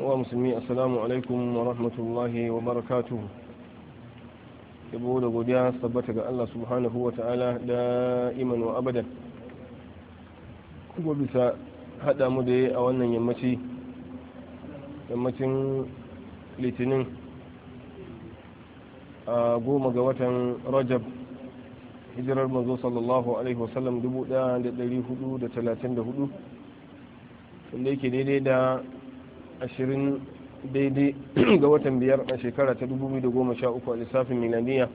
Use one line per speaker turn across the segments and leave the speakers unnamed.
wa musulmi assalamu alaikum wa rahmatullahi wa barakatuhu yabo da godiya sabbata ga Allah subhanahu wa ta'ala da iman wa abadan kuma bisa hada mu da a wannan yammaci yammacin litinin a goma ga watan rajab hijirar manzo sallallahu alaihi wasallam 1434 wanda yake daidai da ashirin daidai ga watan biyar a shekara ta 2013 a lissafin milaniya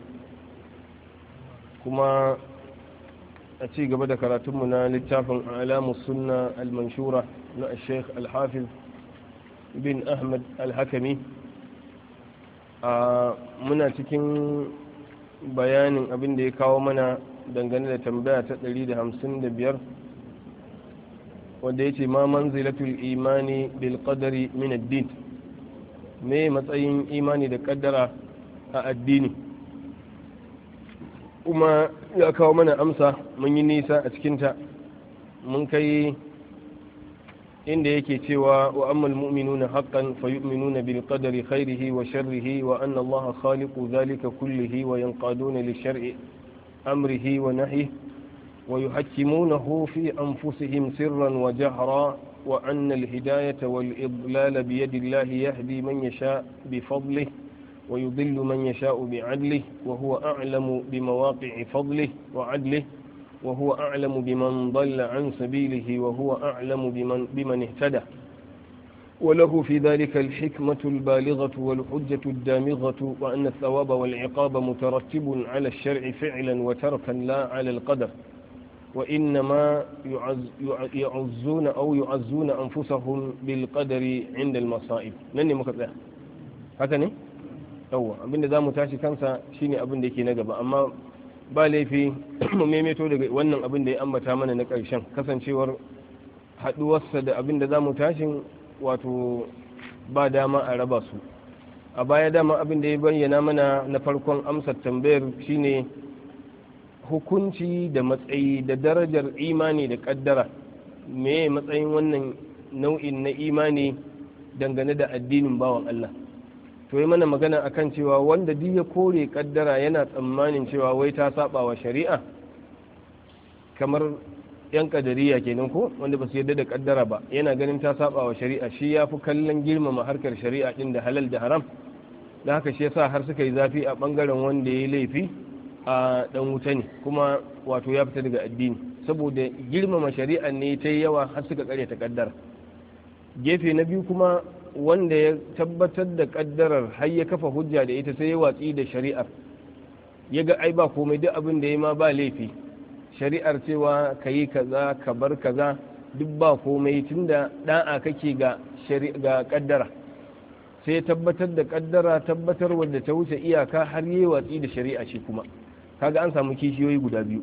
kuma a ci gaba da karatunmu na littafin alamu sunna al-manshura na sheikh al bin ahmad al-hakami muna cikin bayanin abin da ya kawo mana dangane da tambaya ta da da biyar. wanda yace ma manzilatul imani bil qadari min ad me matsayin imani da kaddara a addini kuma ya kawo mana amsa mun yi nisa a cikinta mun kai inda yake cewa wa ammal mu'minuna haqqan fa yu'minuna bil qadari khairihi wa sharrihi wa anna allaha khaliqu dhalika kullihi wa yanqaduna li amrihi wa nahyihi ويحكمونه في أنفسهم سرا وجهرا وأن الهداية والإضلال بيد الله يهدي من يشاء بفضله ويضل من يشاء بعدله وهو أعلم بمواقع فضله وعدله وهو أعلم بمن ضل عن سبيله وهو أعلم بمن, بمن اهتدى وله في ذلك الحكمة البالغة والحجة الدامغة وأن الثواب والعقاب مترتب على الشرع فعلا وتركا لا على القدر وإنما يعزون أو يعزون أنفسهم بالقدر عند المصائب نني مكتب هكذا yawwa abinda za mu tashi kansa shine abin da yake na gaba amma ba laifi mu maimaito daga wannan abin da ya amata mana na karshen kasancewar haɗuwarsa da abin da za mu wato ba dama a raba su a baya dama abin da ya bayyana mana na farkon amsar tambayar shine hukunci da matsayi da darajar imani da kaddara me matsayin wannan nau'in na imani dangane da addinin bawan Allah to yi mana magana akan cewa wanda duk ya kore kaddara yana tsammanin cewa wai ta saba wa shari'a kamar yan kadariya kenan ko wanda ba su yarda da kaddara ba yana ganin ta saba wa shari'a shi ya fi kallon girmama harkar shari'a din da halal da haram da haka shi yasa har suka yi zafi a bangaren wanda ya yi laifi a dan wuta ne kuma wato ya fita daga addini saboda girmama shari'a ne ta yi yawa har suka kare ta kaddara gefe na biyu kuma wanda ya tabbatar da kaddarar har ya kafa hujja da ita sai ya watsi da shari'ar ya ga ai ba komai duk abin da ya ma ba laifi shari'ar cewa ka yi kaza ka bar kaza duk ba komai tunda da'a kake ga ga kaddara sai tabbatar da kaddara tabbatar wanda ta wuce iyaka har yi watsi da shari'a shi kuma kaga an samu kishiyoyi guda biyu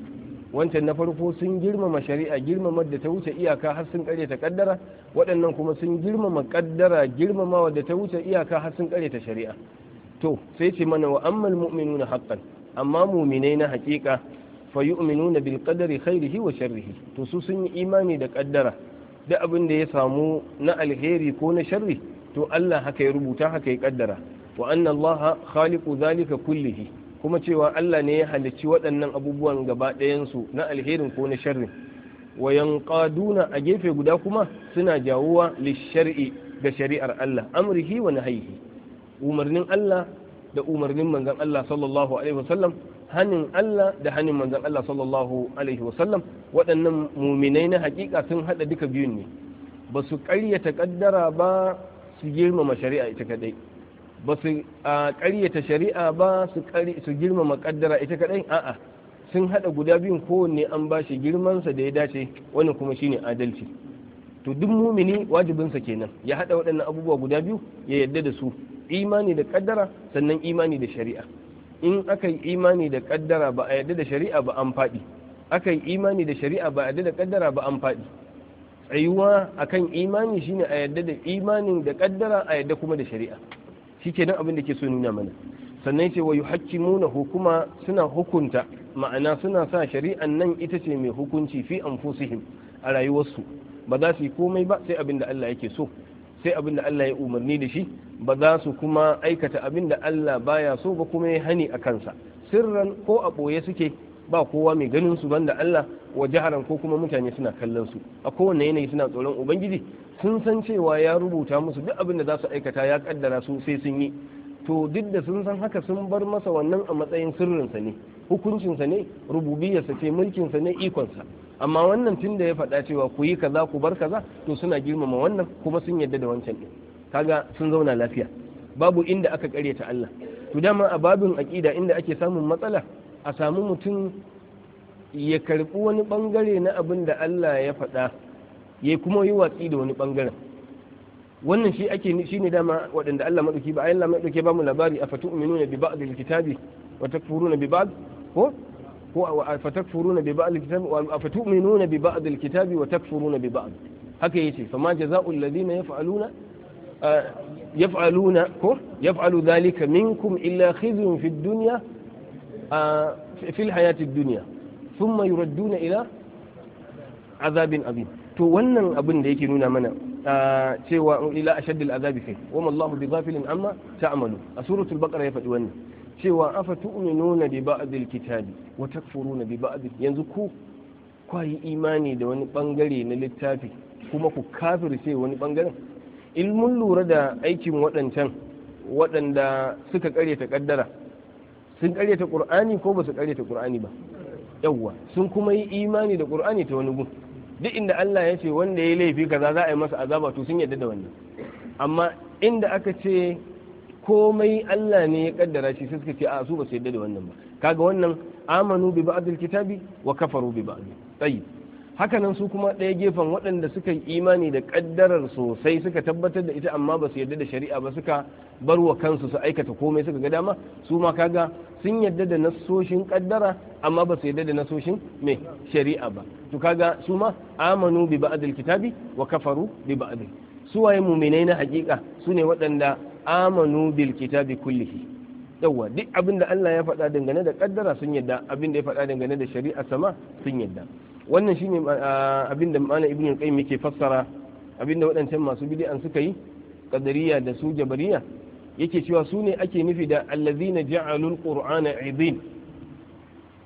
wancan na farko sun girmama shari'a girmama da ta wuce iyaka har sun kare ta kaddara waɗannan kuma sun girmama kaddara girmamawa da ta wuce iyaka har sun kare ta shari'a to sai ce mana wa ammal mu'minuna haqqan amma mu'minai na haƙiƙa fa yu'minuna bil qadari khairihi wa sharrihi to su sun yi imani da kaddara da abin da ya samu na alheri ko na sharri to Allah haka ya rubuta haka ya kaddara wa anna Allah khaliqu zalika kullihi kuma cewa Allah ne ya halicci waɗannan abubuwan gaba ɗayansu na alherin ko na sharrin wayan ƙaduna a gefe guda kuma suna jawuwa lishar'i ga shari'ar Allah amrihi wa nahyihi umarnin Allah da umarnin manzon Allah sallallahu alaihi wasallam hanin Allah da hanin manzon Allah sallallahu alaihi wasallam waɗannan muminai na hakika sun hada duka biyun ne ba su ƙaryata kaddara ba su girmama shari'a ita kadai ba su ƙaryata shari'a ba su girmama ƙaddara ita kaɗai a'a sun haɗa guda biyun kowanne an ba shi girmansa da ya dace wani kuma shine adalci to duk mumini wajibinsa kenan ya haɗa waɗannan abubuwa guda biyu ya yadda da su imani da ƙaddara sannan imani da shari'a in aka yi imani da ƙaddara ba a yadda da shari'a ba an faɗi aka yi imani da shari'a ba a yadda da ƙaddara ba an faɗi tsayuwa akan imani shine a yadda da imanin da ƙaddara a yadda kuma da shari'a shikenan abin da ke so nuna mana sannan ce wa na hukuma suna hukunta ma'ana suna sa shari'an nan ita ce mai hukunci fi anfusihim a rayuwarsu ba za su yi komai ba sai abin da Allah yake so sai abin da Allah ya umarni da shi ba za su kuma aikata abin da Allah baya so ba kuma ya hani a kansa sirran ko a ɓoye suke ba kowa mai ganin su banda Allah wa jaharan ko kuma mutane suna kallon su a kowane yanayi suna tsoron ubangiji sun san cewa ya rubuta musu duk abin da za su aikata ya kaddara su sai sun yi to duk da sun san haka sun bar masa wannan a matsayin sirrin sa ne hukuncinsa ne rububiyarsa ce mulkinsa ne ikonsa amma wannan tun da ya faɗa cewa ku yi kaza ku bar kaza to suna girmama wannan kuma sun yadda da wancan din kaga sun zauna lafiya babu inda aka ƙaryata Allah to dama a babin aƙida inda ake samun matsala a samu mutum ya karbi wani bangare na abin da Allah ya faɗa ya kuma yi watsi da wani bangaren wannan shi ake shi ne dama waɗanda Allah maɗauki ba Allah maɗauki ba mu labari a fatu uminuna bi ba'd al-kitabi wa takfuruna bi ba'd ko ko a fatakfuruna bi ba'd al-kitabi wa afatu'minuna bi ba'd al-kitabi wa takfuruna bi ba'd haka yace fa ma jazaa'u alladhina yaf'aluna yaf'aluna ko yaf'alu dhalika minkum illa khizyun fid dunya fil hayatun duniya thumma yuradduna ila azabin abin to wannan abin da yake nuna mana cewa ila ashaddil azabi kai wa mallahu bi ghafilin amma ta'malu a suratul baqara ya faɗi wannan cewa afa tu'minuna bi ba'dil kitabi wa takfuruna bi ba'd yanzu ku kwayi imani da wani bangare na littafi kuma ku kafirce wani bangaren ilmun lura da aikin waɗancan waɗanda suka ƙare ta ƙaddara sun karyata qur'ani ko ba su karyata qur'ani ba yawwa sun kuma yi imani da qur'ani ta wani gun duk inda Allah ya ce wanda ya laifi kaza za a yi masa azaba to sun yadda da wannan amma inda aka ce komai Allah ne ya kaddara shi suka ce a su ba su yadda da wannan ba kaga wannan amanu bi ba'dil kitabi wa kafaru bi ba'd tayyib hakanan su kuma ɗaya gefen waɗanda suka yi imani da ƙaddarar sosai suka tabbatar da ita amma ba su yarda da shari'a ba suka bar wa kansu su aikata komai suka ga dama su ma kaga sun yarda da nasoshin ƙaddara amma ba su yarda da nasoshin mai shari'a ba to kaga su ma amanu bi ba'dil kitabi wa kafaru bi ba'dil su waye mu'minai na hakika su ne waɗanda amanu bil kitabi kullihi yawwa duk abinda Allah ya faɗa dangane da ƙaddara sun yarda abin ya faɗa dangane da shari'a sama sun yarda wannan shine abinda mana ibn al-qayyim yake fassara abinda waɗancan masu bid'an suka yi qadariya da su jabariya yake cewa su ne ake nufi da allazina ja'alul qur'ana idin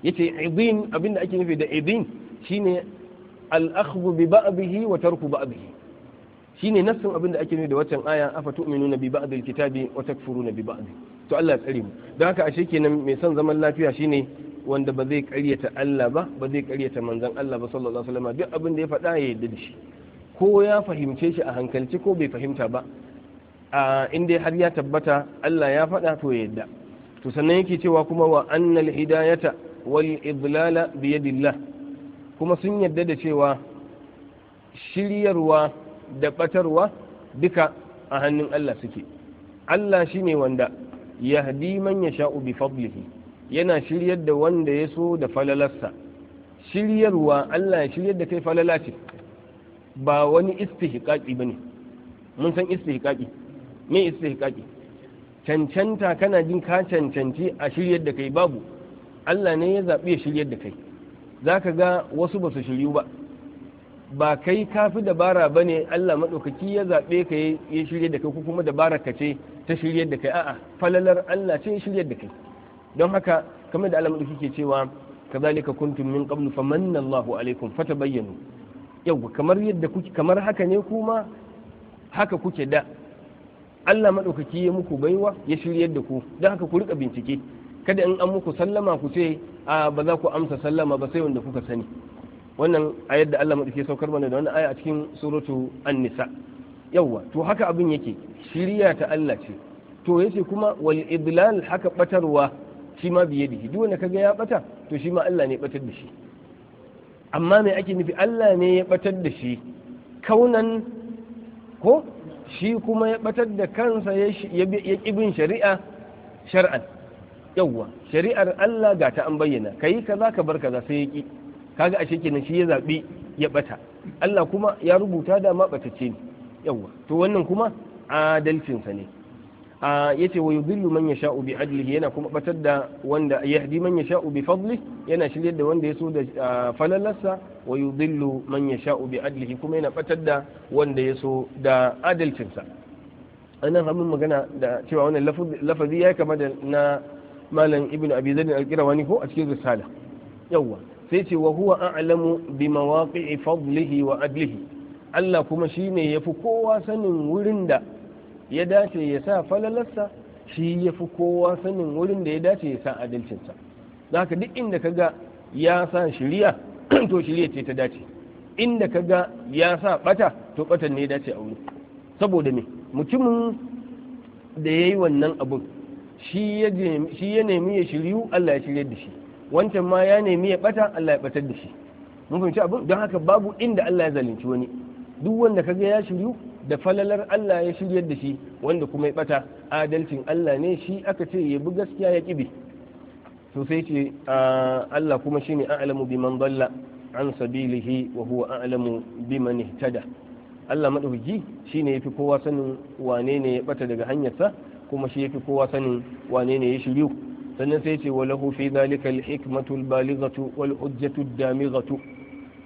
yace idin abinda ake nufi da idin shine al-akhdhu bi ba'dihi wa tarku ba'dihi shine nassin abinda ake nufi da waccan aya afa tu'minuna bi ba'dil kitabi wa takfuruna bi ba'd to Allah ya tsare mu don haka ashe kenan mai son zaman lafiya shine wanda ba zai karyata Allah ba ba zai karyata manzon Allah ba sallallahu alaihi wasallam duk abin da ya faɗa ya yarda da shi ko ya fahimce shi a hankalci ko bai fahimta ba a inda har ya tabbata Allah ya faɗa to ya yarda to sannan yake cewa kuma wa annal hidayata wal idlala bi yadillah kuma sun yarda da cewa shiryarwa da batarwa duka a hannun Allah suke Allah shine wanda yahdi man yasha'u bi fadlihi yana shiryar da wanda ya so da falalarsa shiryarwa Allah ya shiryar da kai falala ce ba wani istihqaqi bane mun san istihqaqi me istihqaqi cancanta kana jin ka cancanci a shiryar da kai babu Allah ne ya zaɓi ya shiryar da kai zaka ga wasu ba su shiryu ba ba kai kafi dabara ba ne Allah maɗaukaki ya zaɓe ka ya shirya da kai ko kuma dabara ka ce ta shirya da kai a'a falalar Allah ce ya shirya da kai don haka kamar da alamun suke cewa ka kazalika kuntum min qablu famanna Allahu alaikum fatabayyanu yau kamar yadda kuke kamar haka ne kuma haka kuke da Allah madaukaki ya muku baiwa ya shiryar da ku don haka ku rika bincike kada in an muku sallama ku ce a ba za ku amsa sallama ba sai wanda kuka sani wannan a yadda Allah madauki saukar mana da wannan aya a cikin suratu an-nisa yawa to haka abin yake shirya ta Allah ce to yace kuma wal idlal haka batarwa shi ma biye da shi duk wanda kaga ya bata to shi ma Allah ne ya batar da shi amma me ake nufi Allah ne ya batar da shi kaunan ko shi kuma ya batar da kansa ya bin shari'a shar'an yawwa shari'ar Allah ga ta an bayyana kai kaza ka bar kaza sai ya ki kaga ashe kenan shi ya zabi ya bata Allah kuma ya rubuta da ma batacce ne yawwa to wannan kuma adalcinsa ne yace wa yudillu man yasha'u bi adlihi yana kuma batar da wanda yahdi man yasha'u bi fadli yana shiryar da wanda yaso da falalarsa wa yudillu man yasha'u bi adlihi kuma yana batar da wanda yaso da adalcinsa ana hamin magana da cewa wannan lafazi ya kama da na malam ibn abi zaid al-qirawani ko a cikin risala yawa sai ce wa huwa a'lamu bi mawaqi'i fadlihi wa adlihi Allah kuma shine yafi kowa sanin wurin da ya dace ya sa falalarsa shi ya fi kowa sanin wurin da ya dace ya sa adalcinsa ka duk inda ka ga ya sa shiriya to shiriya ce ta dace inda ka ga ya sa bata to batan ne ya dace a wuri saboda me mutumin da ya yi wannan abun shi ya nemi ya shiryu Allah ya shiryar da shi wancan ma ya nemi ya bata Allah ya batar da shi mun fahimci abin don haka babu inda Allah ya zalunci wani duk wanda ka ga ya shiryu da falalar Allah ya shirya da shi wanda kuma ya bata adalcin Allah ne shi aka ce ya bi gaskiya ya kibi to sai ce Allah kuma shi shine a'lamu biman dalla an sabilihi wa huwa a'lamu biman ihtada Allah shi ne yafi kowa sanin wane ne ya bata daga hanyarsa kuma shi yafi kowa sanin wane ne ya shiryu sannan sai ce walahu fi zalika alhikmatu balighatu wal hujjatu damighatu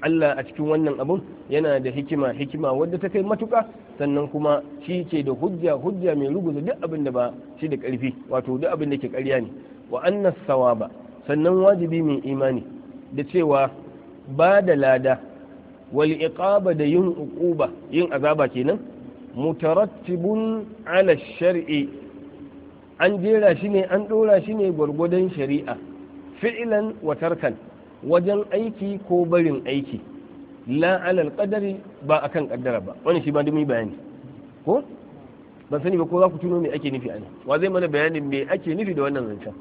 Allah a cikin wannan abun yana da hikima hikima wadda ta kai matuka sannan kuma shi ce da hujja hujja mai ruguza duk abin da ba shi da ƙarfi wato duk abin da ke ƙarya ne wa annas sawaba sannan wajibi mai imani da cewa ba da lada wal iqaba da yin uquba yin azaba kenan mutarattibun ala shar'i an jera shi ne an ɗora shi ne gwargwadon shari'a fi'ilan wa tarkan wajen aiki ko barin aiki la alal qadari ba akan kaddara ba wani shi ba dumi bayani ko ban sani ba ko za ku tuno me ake nufi anan wa zai mana bayanin me ake nufi da wannan zancen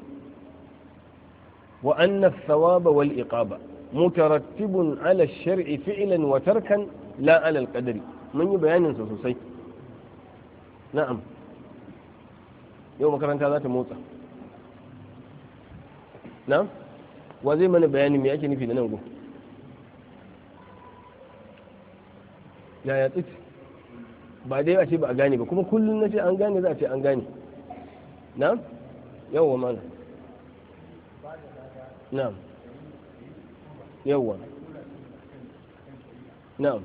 wa anna thawaba wal iqaba mutarattibun ala shar'i fi'lan wa tarkan la alal qadari mun yi bayanin sa sosai na'am yau makaranta za ta motsa na'am wa zai mana bayanin me ake nufi da nan gobe yaya tsit ba dai a ce ba a gane ba kuma kullum na ce an gane za a ce an gane na yawwa mana
na yawwa na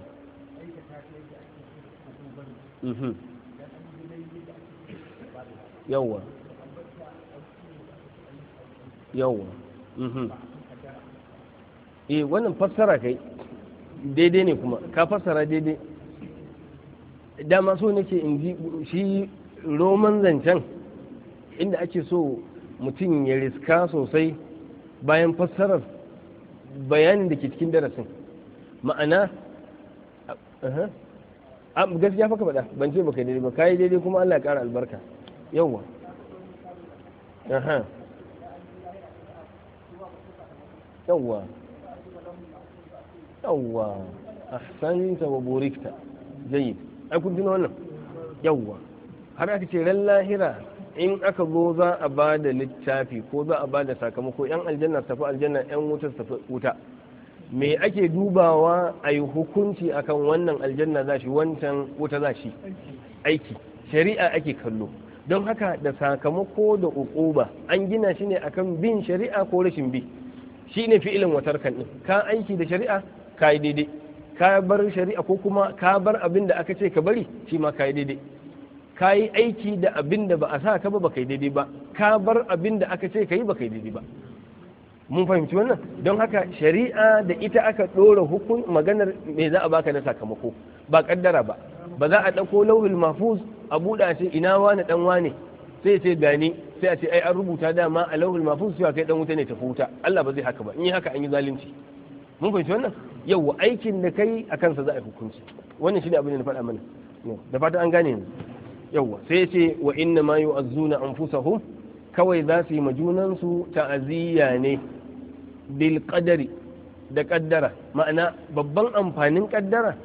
mhm. yawwa yawwa mhm.
eh wannan fassara kai daidai ne kuma ka fassara daidai dama so nake in ji shi roman zancen inda ake so mutum ya riska sosai bayan fassarar bayanin da ke cikin darasin ma'ana gaskiya fa ka faɗa ban ce baka daidai ba ka yi daidai kuma Allah ya ƙara albarka yawwa
yawwa yawwa
ahsanta wa burikta jayyid ai kun tuna wannan yawwa har aka ce ran lahira in aka zo za a ba da littafi ko za a ba da sakamako yan aljanna su tafi aljanna yan wuta tafi wuta me ake dubawa a yi hukunci akan wannan aljanna za shi wancan wuta za shi aiki shari'a ake kallo don haka da sakamako da ukuba an gina shi ne akan bin shari'a ko rashin bi shi ne fi'ilin watarkan ɗin ka aiki da shari'a ka yi daidai ka bar shari'a ko kuma ka bar abin da aka ce ka bari shi ma ka yi daidai ka yi aiki da abin da ba a sa ka ba baka yi daidai ba ka bar abin da aka ce ka yi baka yi daidai ba mun fahimci wannan don haka shari'a da ita aka ɗora hukun maganar me za a baka na sakamako ba kaddara ba ba za a ɗauko lauhul mahfuz a buɗa ce ina wani ɗan wane sai ce gani sai a ce ai an rubuta dama a lauhul mahfuz cewa kai ɗan wuta ne tafi wuta Allah ba zai haka ba in yi haka an yi zalunci mun fahimci wannan yau aikin da kai a kansa za a yi hukunci wannan shi ne abin da na faɗa mana da fata an gane ni yawwa sai ce wa inna ma yu'azzuna anfusahum kawai za su yi ma junansu ta'aziyya ne bil qadari da kaddara ma'ana babban amfanin kaddara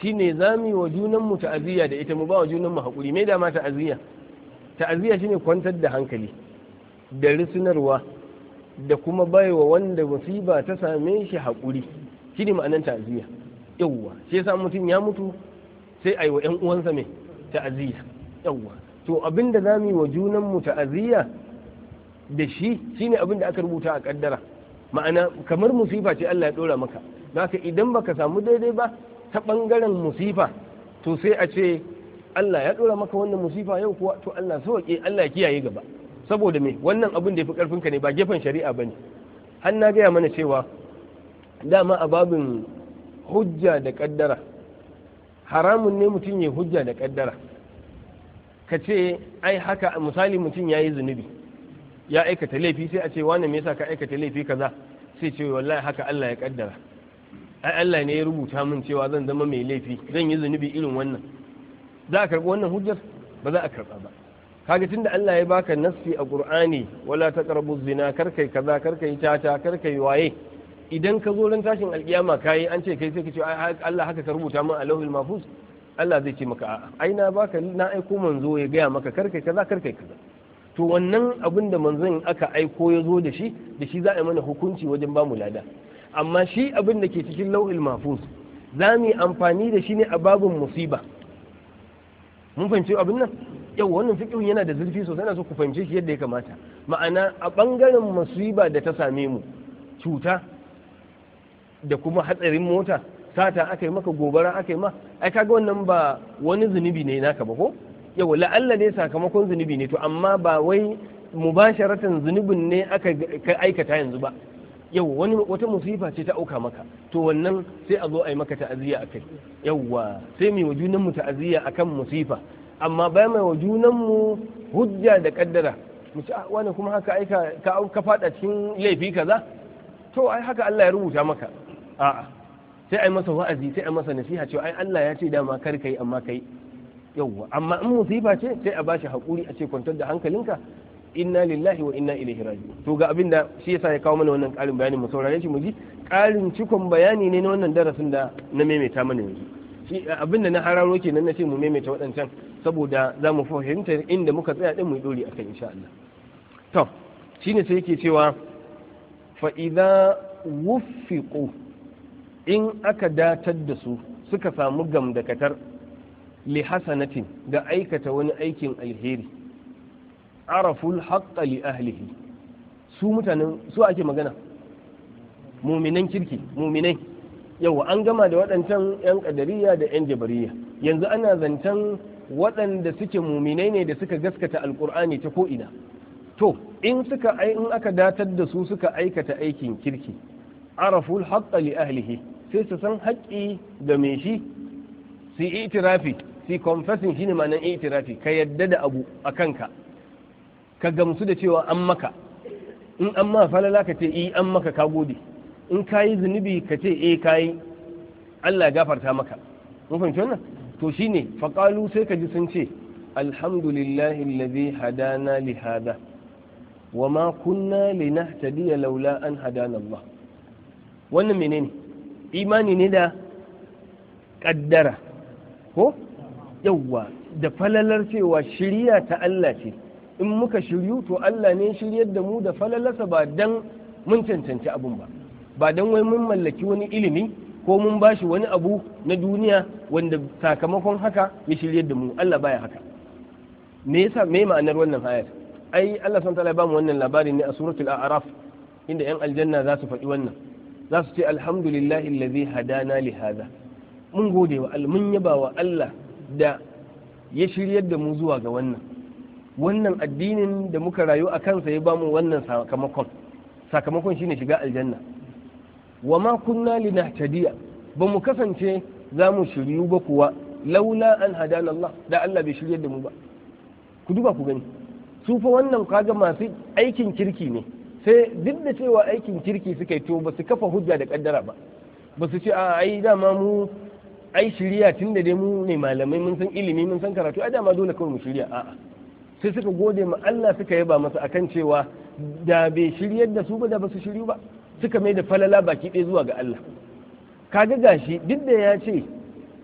shine za mu yi wa junanmu ta'aziya ta'aziyya da ita mu ba wa junan mu hakuri me da ma ta'aziyya ta'aziyya shine kwantar da hankali da risunarwa da kuma baiwa wanda musiba ta same shi haƙuri shi ne ma'anar ta'aziyya yawwa shi yasa mutum ya mutu sai a yi wa 'yan uwansa mai ta'aziyya yawwa to abin da za mu yi wa junanmu ta'aziyya da shi shi ne abin da aka rubuta a kaddara ma'ana kamar musifa ce Allah ya ɗora maka ka idan baka samu daidai ba ta ɓangaren musifa to sai a ce Allah ya ɗora maka wannan musifa yau kuwa to Allah sauke Allah ya kiyaye gaba saboda me wannan abin da ya fi karfinka ne ba gefen shari'a ba ne har na gaya mana cewa dama a babin hujja da ƙaddara haramun ne mutum ya hujja da ƙaddara ka ce ai haka misali mutum ya yi zunubi ya aikata laifi sai a ce wane me yasa ka aikata laifi kaza sai ce wallahi haka Allah ya ƙaddara ai Allah ne ya rubuta min cewa zan zama mai laifi zan yi zunubi irin wannan za a karɓi wannan hujjar ba za a karɓa ba tun da Allah ya baka nassi a Qur'ani wala taqrabu zina karkai kaza karkai tata karkai waye idan ka zo ran tashin alkiyama kai an ce kai sai ka ce Allah haka ka rubuta min alawul mahfuz Allah zai ce maka a'a ai na baka na aiko manzo ya gaya maka karkai kaza karkai kaza to wannan abin da manzon aka aiko ya zo da shi da shi za a yi mana hukunci wajen bamu lada amma shi abin da ke cikin lau'il mafus. za mu yi amfani da shi ne a babin musiba mun fahimci abin nan yau wannan fiqhun yana da zurfi sosai na so ku fahimce shi yadda ya kamata ma'ana a bangaren masiba da ta same mu cuta da kuma hatsarin mota sata aka yi maka gobara aka yi ma ai kaga wannan ba wani zunubi ne naka ba ko yau la'alla ne sakamakon zunubi ne to amma ba wai mubasharatan zunubin ne aka aikata yanzu ba yau wani wata musifa ce ta auka maka to wannan sai a zo a yi maka ta'aziyya kai. yauwa sai mai wajunan mu ta'aziyya akan musifa amma bai mai wajunan mu hujja da kaddara mu ce ah, wani kuma haka aika ka ka fada cikin laifi kaza to ai haka Allah ya rubuta maka a'a sai ai masa wa'azi sai ai masa nasiha cewa ai Allah ya ce dama kar kai amma kai yauwa amma in musifa ce sai a bashi hakuri a ce kwantar da hankalinka inna lillahi wa inna ilaihi raji'un to ga abin shi yasa ya kawo mana wannan ƙarin bayani mu saurare shi mu ji karin cikon bayani ne na wannan darasin da na maimaita mana yanzu shi abin na hararo kenan na ce mu maimaita waɗancan saboda za mu fahimta inda muka tsaya din mu yi dori akan insha Allah to shine sai yake cewa fa idza wuffiqu in aka datar da su suka samu gamdakatar li hasanatin da aikata wani aikin alheri araful haqqa ahlihi su mutanen su ake magana muminan kirki muminai yawa an gama da waɗancan 'yan ƙadariya da 'yan jabariya yanzu ana zancen waɗanda suke muminai ne da suka gaskata alƙur'ani ta ko'ina to in suka in aka datar da su suka aikata aikin kirki araful haqqa ahlihi sai su san haƙƙi da me shi su itirafi su confessing shine ma'anar itirafi ka yadda da abu a kanka ka gamsu da cewa an maka in an ma falala ka ce eh an maka ka gode in ka yi zunubi ka ce eh ka yi Allah ya gafarta maka mun wannan to shine faqalu sai ka ji sun ce alhamdulillahi alladhi hadana li hada wa ma kunna linahtadiya laula an hadana Allah wannan menene imani ne da kaddara ko yawwa da falalar cewa shirya ta Allah ce in muka shiryu to Allah ne shiryar da mu da falalasa ba dan mun cancanci abun ba ba dan wai mun mallaki wani ilimi ko mun bashi wani abu na duniya wanda sakamakon haka ya shiryar da mu Allah baya haka me yasa me ma'anar wannan hayar? ai Allah subhanahu ta'ala ba bamu wannan labarin ne a suratul a'raf inda yan aljanna za su faɗi wannan za su ce alhamdulillahi allazi hadana li hada. mun gode wa Allah mun yaba wa Allah da ya shiryar da mu zuwa ga wannan wannan addinin da muka rayu a kansa ya bamu wannan sakamakon sakamakon shine shiga aljanna wa ma kunna linahtadiya ba mu kasance za mu shiryu ba kuwa laula an hadana Allah da Allah bai shiryar da mu ba ku duba ku gani su fa wannan kaga masu aikin kirki ne sai duk da cewa aikin kirki suka yi to ba su kafa hujja da kaddara ba ba su ce a ai dama mu ai shirya tunda da dai mu ne malamai mun san ilimi mun san karatu ai dama dole kawai mu shirya a'a sai suka gode ma Allah suka yaba masa akan cewa da bai shiryar da su ba da ba su shiryu ba suka mai da falala baki ɗaya zuwa ga Allah kaga gashi duk da ya ce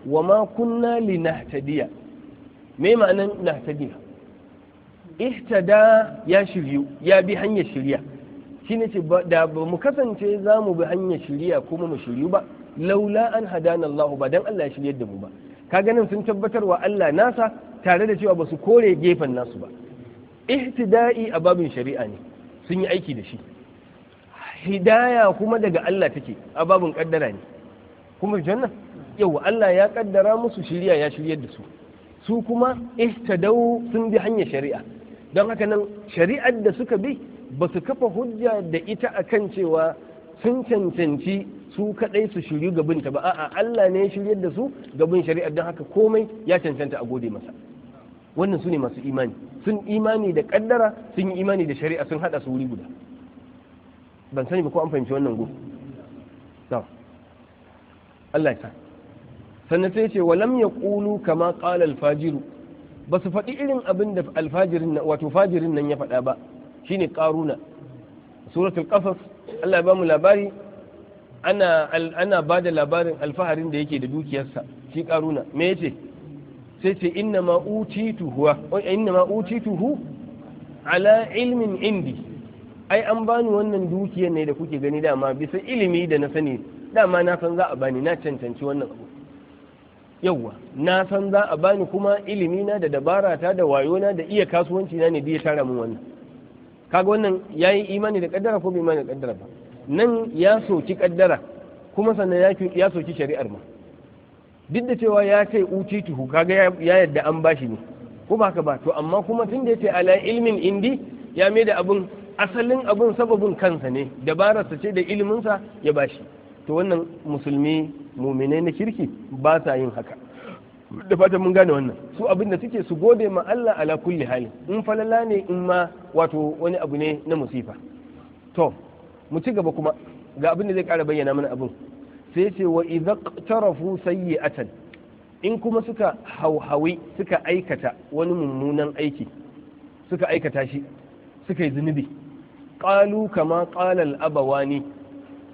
wa ma kunna li nahtadiya me ma'anan nahtadiya ihtada ya shiryu ya bi hanyar shirya shine ce da ba mu kasance za mu bi hanyar shirya kuma mu shiryu ba laula an hadana Allah ba dan Allah ya shiryar da mu ba kaga nan sun tabbatar wa Allah nasa tare da cewa ba su kore gefen nasu ba ihtida'i a babin shari'a ne sun yi aiki da shi hidaya kuma daga Allah take a babin kaddara ne kuma janna yau Allah ya kaddara musu shirya ya shiryar da su su kuma ihtadau sun bi hanyar shari'a don haka nan shari'ar da suka bi ba su kafa hujja da ita akan cewa sun cancanci su kaɗai su shiryu gabinta ba a'a Allah ne ya shiryar da su gabin shari'ar don haka komai ya cancanta a gode masa wannan su ne masu imani sun imani da kaddara sun yi imani da shari'a sun hada su wuri guda ban sani ba ko an fahimci wannan go Allah ya sa sannan sai ce walam yaqulu ƙulu kama al-fajir ba su faɗi irin abin da alfajirin wato fajirin nan ya faɗa ba shine ƙaruna suratul qasas Allah ya ba mu labari ana ana ba da labarin alfaharin da yake da dukiyarsa shi ƙaruna me yace sai ce inna ma tuhu? ala ilmin indi ai an bani wannan dukiyar ne da kuke gani dama bisa ilimi da na sani dama na san za a bani na cancanci wannan abu yawwa na san za a bani kuma ilimi na da dabara ta da wayo na da iya kasuwanci na ne biya tara mun wannan kaga wannan yayi imani da kaddara ko bai imani da kaddara ba nan ya soki kaddara kuma sannan ya soki shari'ar ma duk da cewa ya ce utituhu kaga ya yadda an bashi ne ko ba ka ba to amma kuma tun da ya ce ala ilmin indi ya mai da abun asalin abun sababin kansa ne dabararsa ce da iliminsa ya bashi to wannan musulmi muminai na kirki ba sa yin haka da fatan mun gane wannan su abin da suke su gode ma Allah ala kulli hali in falala ne in ma wato wani abu ne na musifa to mu ci gaba kuma ga abin da zai kara bayyana mana abin sai ce wa idza tarafu sayyi'atan in kuma suka hauhawi suka aikata wani mummunan aiki suka aikata shi suka yi zunubi qalu kama qala al-abawani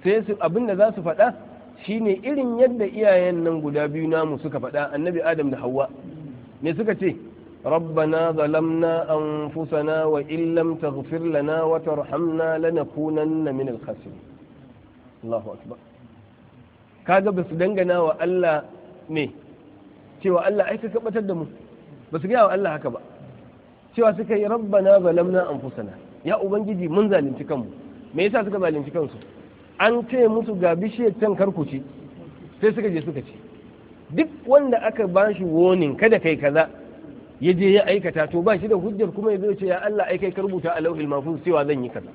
sai su abinda za su faɗa shine irin yadda iyayen nan guda biyu namu suka faɗa annabi adam da hawa ne suka ce ربنا ظلمنا أنفسنا وإن لم تغفر لنا وترحمنا لنكونن من الخاسرين الله أكبر kaga ba su dangana wa Allah ne cewa Allah ai kabatar da mu ba su gaya wa Allah haka ba cewa suka yi rabbana zalamna anfusana ya ubangiji mun zalunci kanmu me yasa suka zalunci kansu an ce musu ga bishiyar can karkuci sai suka je suka ci duk wanda aka ba shi wonin kada kai kaza ya je ya aikata to ba shi da hujjar kuma ya zo ce ya Allah ai kai karbuta a lauhil mahfuz cewa zan yi kaza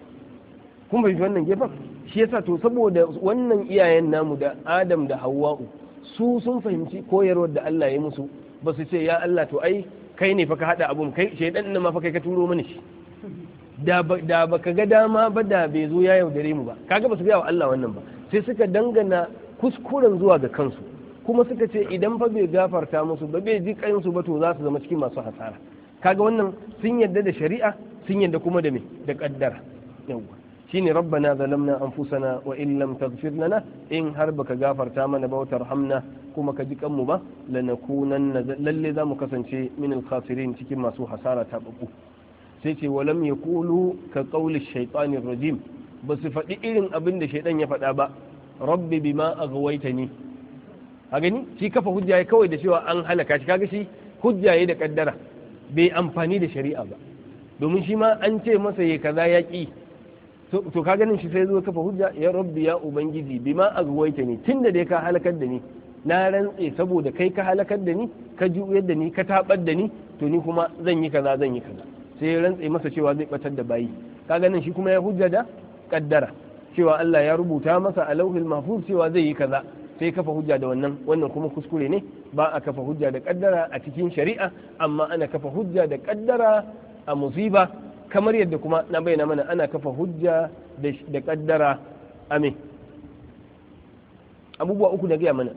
kun bai wannan gefen shi yasa to saboda wannan iyayen namu da adam da hawa'u su sun fahimci koyarwar da Allah ya musu ba su ce ya Allah to ai kai ne fa ka haɗa abun kai shaidan nan ma fa kai ka turo mana shi da ba ka ga dama ba da bai zo ya yaudare mu ba kaga ba su gaya wa Allah wannan ba sai suka dangana kuskuren zuwa ga kansu kuma suka ce idan fa bai gafarta musu ba bai ji kayansu ba to za su zama cikin masu hasara kaga wannan sun yadda da shari'a sun yadda kuma da me da kaddara yawwa shine rabbana zalamna anfusana wa in lam taghfir lana in har baka gafarta mana ba hamna kuma ka ji kanmu ba lanakunanna lalle zamu kasance min al cikin masu hasara ta babu sai ce wa lam yaqulu ka qawli shaytanir rajim ba su faɗi irin abin da shaidan ya faɗa ba rabbi bima aghwaytani a gani shi kafa hujja kawai da cewa an halaka shi kaga shi hujja da kaddara bai amfani da shari'a ba domin shi ma an ce masa ya kaza ya ki to ka ganin shi sai zo kafa hujja ya rabbi ya ubangiji bima azwaita ni tunda dai ka halakar da ni na rantse saboda kai ka halakar da ni ka juyar da ni ka tabar da ni to ni kuma zan yi kaza zan yi kaza sai ya rantse masa cewa zai batar da bayi ka ganin shi kuma ya hujja da kaddara cewa Allah ya rubuta masa a lauhil mahfuz cewa zai yi kaza sai kafa hujja da wannan wannan kuma kuskure ne ba a kafa hujja da kaddara a cikin shari'a amma ana kafa hujja da kaddara a musiba kamar yadda kuma na bayyana mana ana kafa hujja da kaddara amin abubuwa uku na gaya mana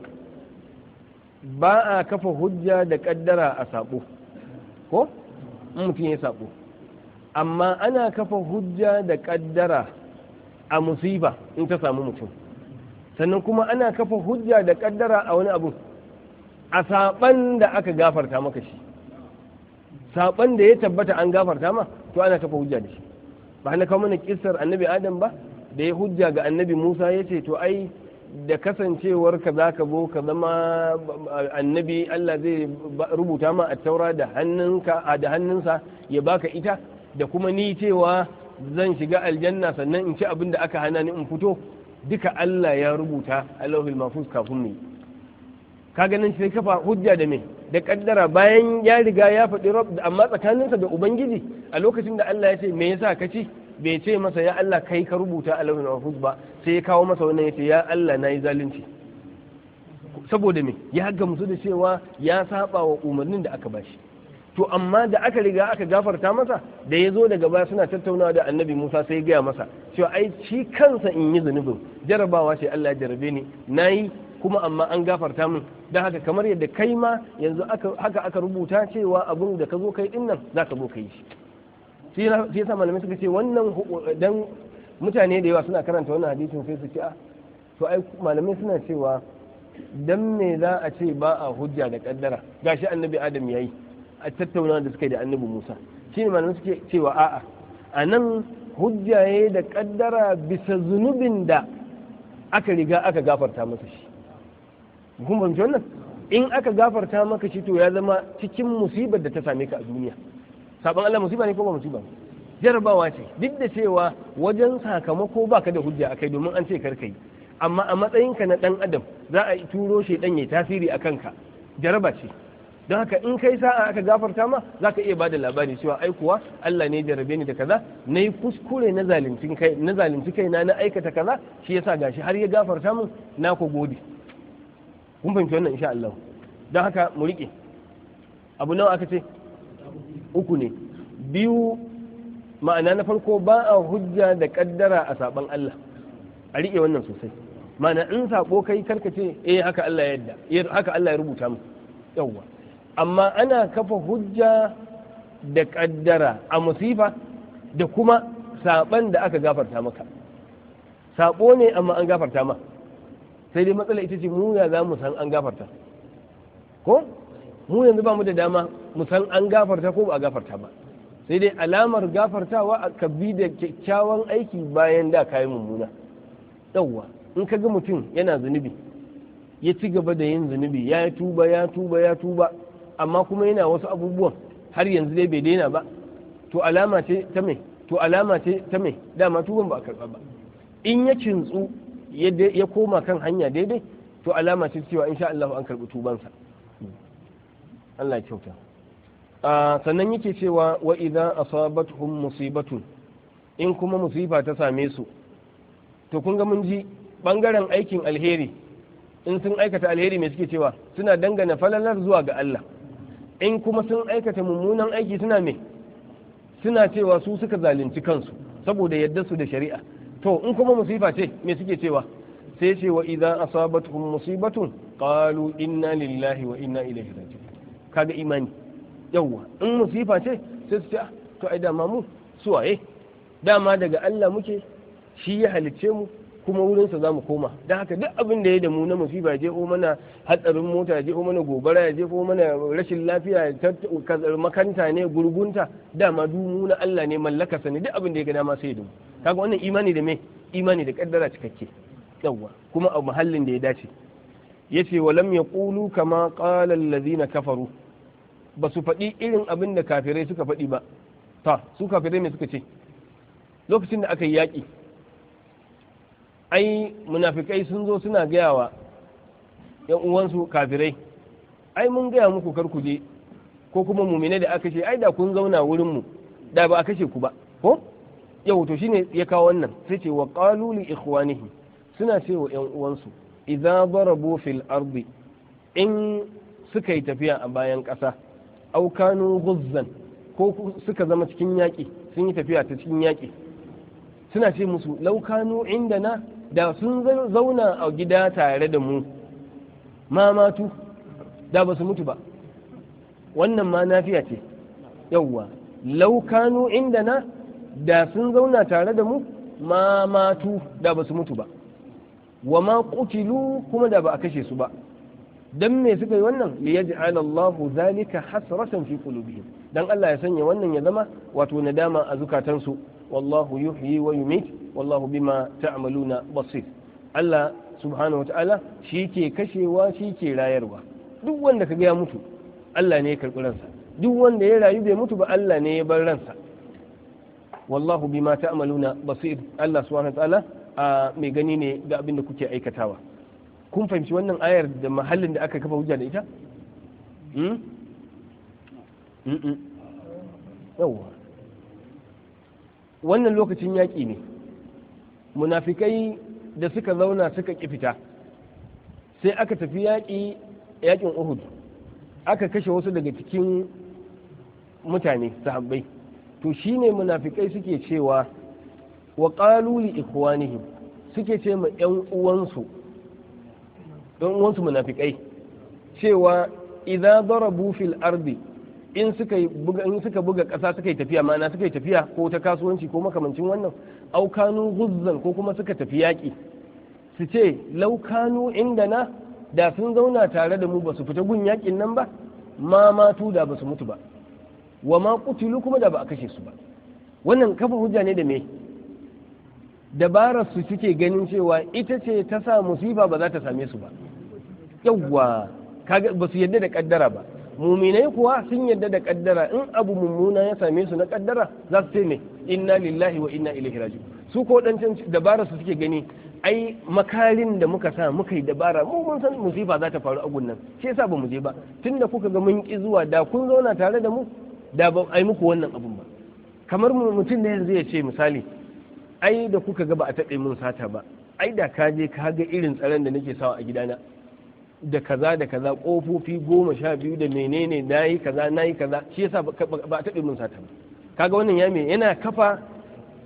ba a kafa hujja da kaddara a sabo ko mutum ya sabo amma ana kafa hujja da kaddara a musiba in ta samu mutum sannan kuma ana kafa hujja da kaddara a wani abu a saban da aka gafarta maka shi saban da ya tabbata an gafarta ma to ana kafa hujja da shi ba na kawo mana kissar annabi adam ba da ya hujja ga annabi musa ya ce to ai da kasancewar ka za ka zo ka zama annabi allah zai rubuta ma a taura da da hannunsa ya baka ita da kuma ni cewa zan shiga aljanna sannan in ci abin da aka hana ni in fito duka allah ya rubuta allahul mafus kafin mu ka ganin sai kafa hujja da me da kaddara bayan ya riga ya faɗi rabb amma tsakaninsa da ubangiji a lokacin da Allah ya ce me yasa ka ci bai ce masa ya Allah kai ka rubuta a launin mahfuz ba sai ya kawo masa wannan ya ce ya Allah na yi zalunci saboda me ya gamsu da cewa ya saba wa umarnin da aka bashi to amma da aka riga aka gafarta masa da ya zo daga baya suna tattaunawa da annabi musa sai ya gaya masa cewa ai shi kansa in yi zunubin jarabawa ce allah jarabe ni na yi kuma amma an gafarta min don haka kamar yadda kai ma yanzu haka aka rubuta cewa abin da ka zo kai din nan za ka zo kai shi shi sa malamai suka ce wannan dan mutane da yawa suna karanta wannan hadisin sai su ce ah, to ai malamai suna cewa dan me za a ce ba a hujja da kaddara gashi annabi adam yayi a tattauna da suka da annabi musa ne malamai suke cewa a'a a nan hujjaye da kaddara bisa zunubin da aka riga aka gafarta masa shi kun fahimci wannan in aka gafarta maka shi to ya zama cikin musibar da ta same ka a duniya saban Allah musiba ne ko ba musiba jarabawa ce duk da cewa wajen sakamako baka da hujja akai domin an ce kar yi. amma a matsayin ka na dan adam za a turo shi dan yayi tasiri akan ka jaraba ce don haka in kai sa'a aka gafarta ma za ka iya bada labari cewa ai kuwa Allah ne jarabe ni da kaza na yi kuskure na zalunci kai na na aikata kaza shi yasa gashi har ya gafarta mun na ku gode kun fahimci wannan insha Allah don haka mu riƙe abu nawa aka ce uku ne biyu ma'ana na farko ba a hujja da kaddara a saban Allah a riƙe wannan sosai ma'ana in sako kai karka ce eh haka Allah ya yadda haka Allah ya rubuta mu yawwa amma ana kafa hujja da kaddara a musifa da kuma saban da aka gafarta maka sako ne amma an gafarta maka sai dai matsala ita ce mu ya za mu san an gafarta ko mu yanzu ba mu da dama mu san an gafarta ko ba a gafarta ba sai dai alamar gafartawa a kabi da kyakkyawan aiki bayan da kayi mummuna ɗauwa in ka ga mutum yana zunubi ya ci gaba da yin zunubi ya tuba ya tuba ya tuba amma kuma yana wasu abubuwan har yanzu dai bai daina ba to alama ce ta mai dama tuban ba a karba ba in ya kintsu ya koma kan hanya daidai to alama ce cewa insha Allah an karbi tubansa Allah ya kyauta A sannan yake cewa wa idza asabatuhum musibatun in kuma musifa ta same su to kun ga mun ji bangaren aikin alheri in sun aikata alheri mai suke cewa suna dangana falalar zuwa ga Allah in kuma sun aikata mummunan aiki suna me suna cewa su suka zalunci kansu saboda yadda su da shari'a to in kuma musifa ce me suke cewa sai ce wa idan asabatun musibatun kalu inna lillahi wa inna ilaihi raji kaga imani Yawwa in musifa ce sai su ce ah, to ai dama mu suwaye dama daga Allah muke shi ya halicce mu kuma wurinsa za mu koma don haka duk abin da ya da mu na musifa je o mana hatsarin mota je o mana gobara ya je ko mana rashin lafiya makanta ne gurgunta dama du na Allah ne mallakarsa ne duk abin da ya ga dama sai da mu kaga wannan imani da me imani da kaddara cikakke yawa kuma a muhallin da ya dace yace walam yaqulu kama qala allazina kafaru ba su faɗi irin abin da kafirai suka faɗi ba ta su kafirai ne suka ce lokacin da aka yi yaƙi ai munafikai sun zo suna gaya wa yan uwansu kafirai ai mun gaya muku kar ku je ko kuma mumine da aka ce ai da kun zauna wurin mu da ba a kashe ku ba ko yau to shine ya kawo wannan sai ce wa qalu li ikhwanihi suna cewa yan uwansu idza darabu fil ardi in suka yi tafiya a bayan ƙasa aw kanu ghuzzan ko suka zama cikin yaƙi sun yi tafiya ta cikin yaƙi suna ce musu law kanu indana da sun zauna a gida tare da mu ma da ba su mutu ba wannan ma nafiya ce yawwa law kanu indana da sun zauna tare da mu ma matu da ba su mutu ba wa ma kutilu kuma da ba a kashe su ba dan me suka yi wannan li yaj'al Allah zalika hasratan fi qulubihim dan Allah ya sanya wannan ya zama wato nadama a zukatansu wallahu yuhyi wa yumit wallahu bima ta'maluna basir Allah subhanahu wata'ala shi ke kashewa shi ke rayarwa duk wanda ka ya mutu Allah ne ya karɓi ransa duk wanda ya rayu bai mutu ba Allah ne ya bar ransa wallahu bima ta'maluna basir Allah subhanahu wa ta'ala mai gani ne ga abin da kuke aikatawa kun fahimci wannan ayar da mahallin da aka kafa hujja da ita hmm? yawa wannan lokacin yaƙi ne munafikai da suka zauna suka ƙi fita sai aka tafi yaƙi yaƙin uhud aka kashe wasu daga cikin mutane sahabbai to shi ne munafikai suke cewa wa ƙaluli li suke ce ma ‘yan’uwansu uwansu munafikai cewa idan zara bufil in suka buga ƙasa suka yi tafiya mana suka yi tafiya ko ta kasuwanci ko makamancin wannan aukanu guzzan ko kuma suka tafi yaƙi su ce laukanu inda na da sun zauna tare da mu ba su fita gun yaƙin nan ba ma matu da ba su mutu ba wa ma qutilu kuma da ba a kashe su ba wannan kafa hujja ne da me dabarar su suke ganin cewa ita ce ta sa musiba ba za ta same su ba yawwa ba su yadda da kaddara ba muminai kuwa sun yadda da kaddara in abu mummuna ya same su na kaddara za su ce ne inna lillahi wa inna ilaihi raji'un su ko dan dabarar su suke gani ai makarin da muka sa muka yi dabara mu mun san musifa za ta faru a gunnan shi yasa ba mu je ba tunda kuka ga mun ki zuwa da kun zauna tare da mu da ba a yi muku wannan abun ba kamar mutum ne yanzu ya ce misali ai da kuka ga ba a taɓe mun sata ba ai da ka je ka ga irin tsaron da nake sawa a gidana da kaza da kaza kofofi goma sha biyu da menene na yi kaza na yi kaza shi yasa ba a taɓe mun sata ba kaga wannan ya me yana kafa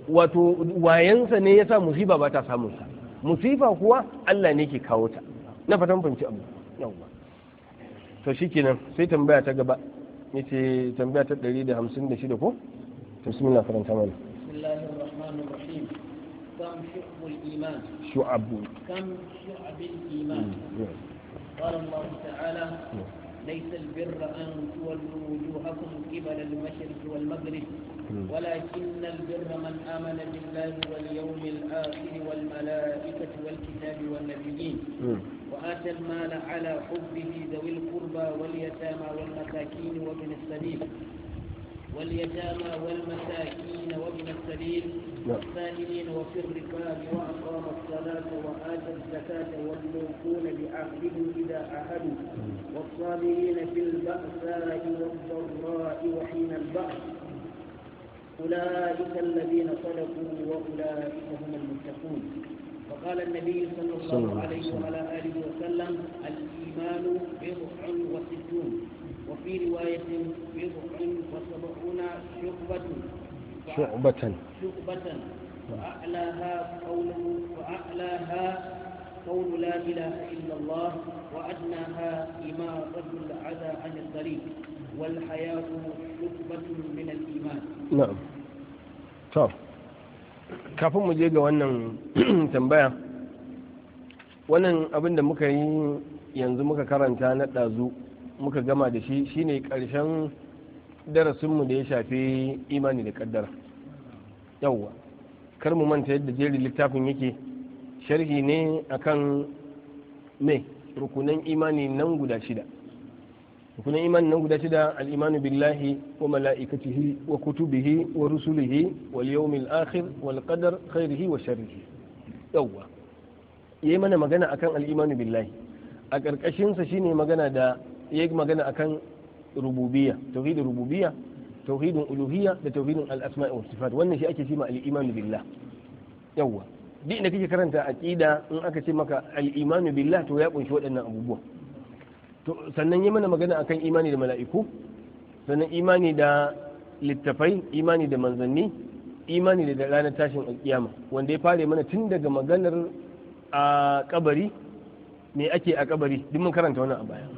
wato wayansa ne yasa musifa ba ta samun sa musifa kuwa Allah ne ke kawo ta na fatan fanci abu yawwa to shikenan sai tambaya ta gaba yace tambaya ta 156 ko bismillah faranta mana
bismillahir rahmanir rahim kam shu'abul iman shu'abul kam shu'abul iman mm, qala Allah ta'ala ليس البر أن تولوا وجوهكم قبل المشرق والمغرب ولكن البر من آمن بالله واليوم الآخر والملائكة والكتاب والنبيين وآتى المال على حبه ذوي القربى واليتامى والمساكين وابن السبيل واليتامى والمساكين وابن السبيل نعم. والسائلين وفي الركاب وأقام الصلاة وآتى الزكاة والموفون بعهدهم إذا عهدوا والصابرين في البأساء والضراء وحين البأس أولئك الذين صدقوا وأولئك هم المتقون وقال النبي صلى الله عليه وعلى آله وسلم الإيمان بضع وستون وفي رواية بضع وسبعون شعبة شعبة شعبة وأعلاها قوله وأعلاها قول لا إله إلا الله وأدناها إما رجل عدا عن الطريق والحياة شعبة من الإيمان نعم طب
kafin mu je ga wannan tambaya wannan abin da muka yi yanzu muka karanta na ɗazu muka gama da shi shine karshen darasinmu da ya shafi imani da kaddara Yauwa kar mu manta yadda jerin littafin yake sharhi ne akan me rukunan imani nan guda shida rukunan imani nan guda shida al'imanu billahi wa mala'ikatihi wa kutubihi wa rusulihi wal yawmil akhir wal qadar khairihi wa sharrihi ya yayi mana magana akan al'imanu billahi a ƙarƙashinsa shine magana da ya yi magana akan rububiyya tauhidin rububiya, tauhidin uluhiya, da tauhidin al'asma'i. wa sifat wannan shi ake cewa al-imanu billah yawwa duk inda kake karanta aqida in aka ce maka al'imanu billah to ya kunshi waɗannan abubuwa to sannan yi mana magana akan imani da mala'iku sannan imani da littafai imani da manzanni imani da ranar tashin alkiyama wanda ya fare mana tun daga maganar a kabari me ake a kabari duk mun karanta wannan a baya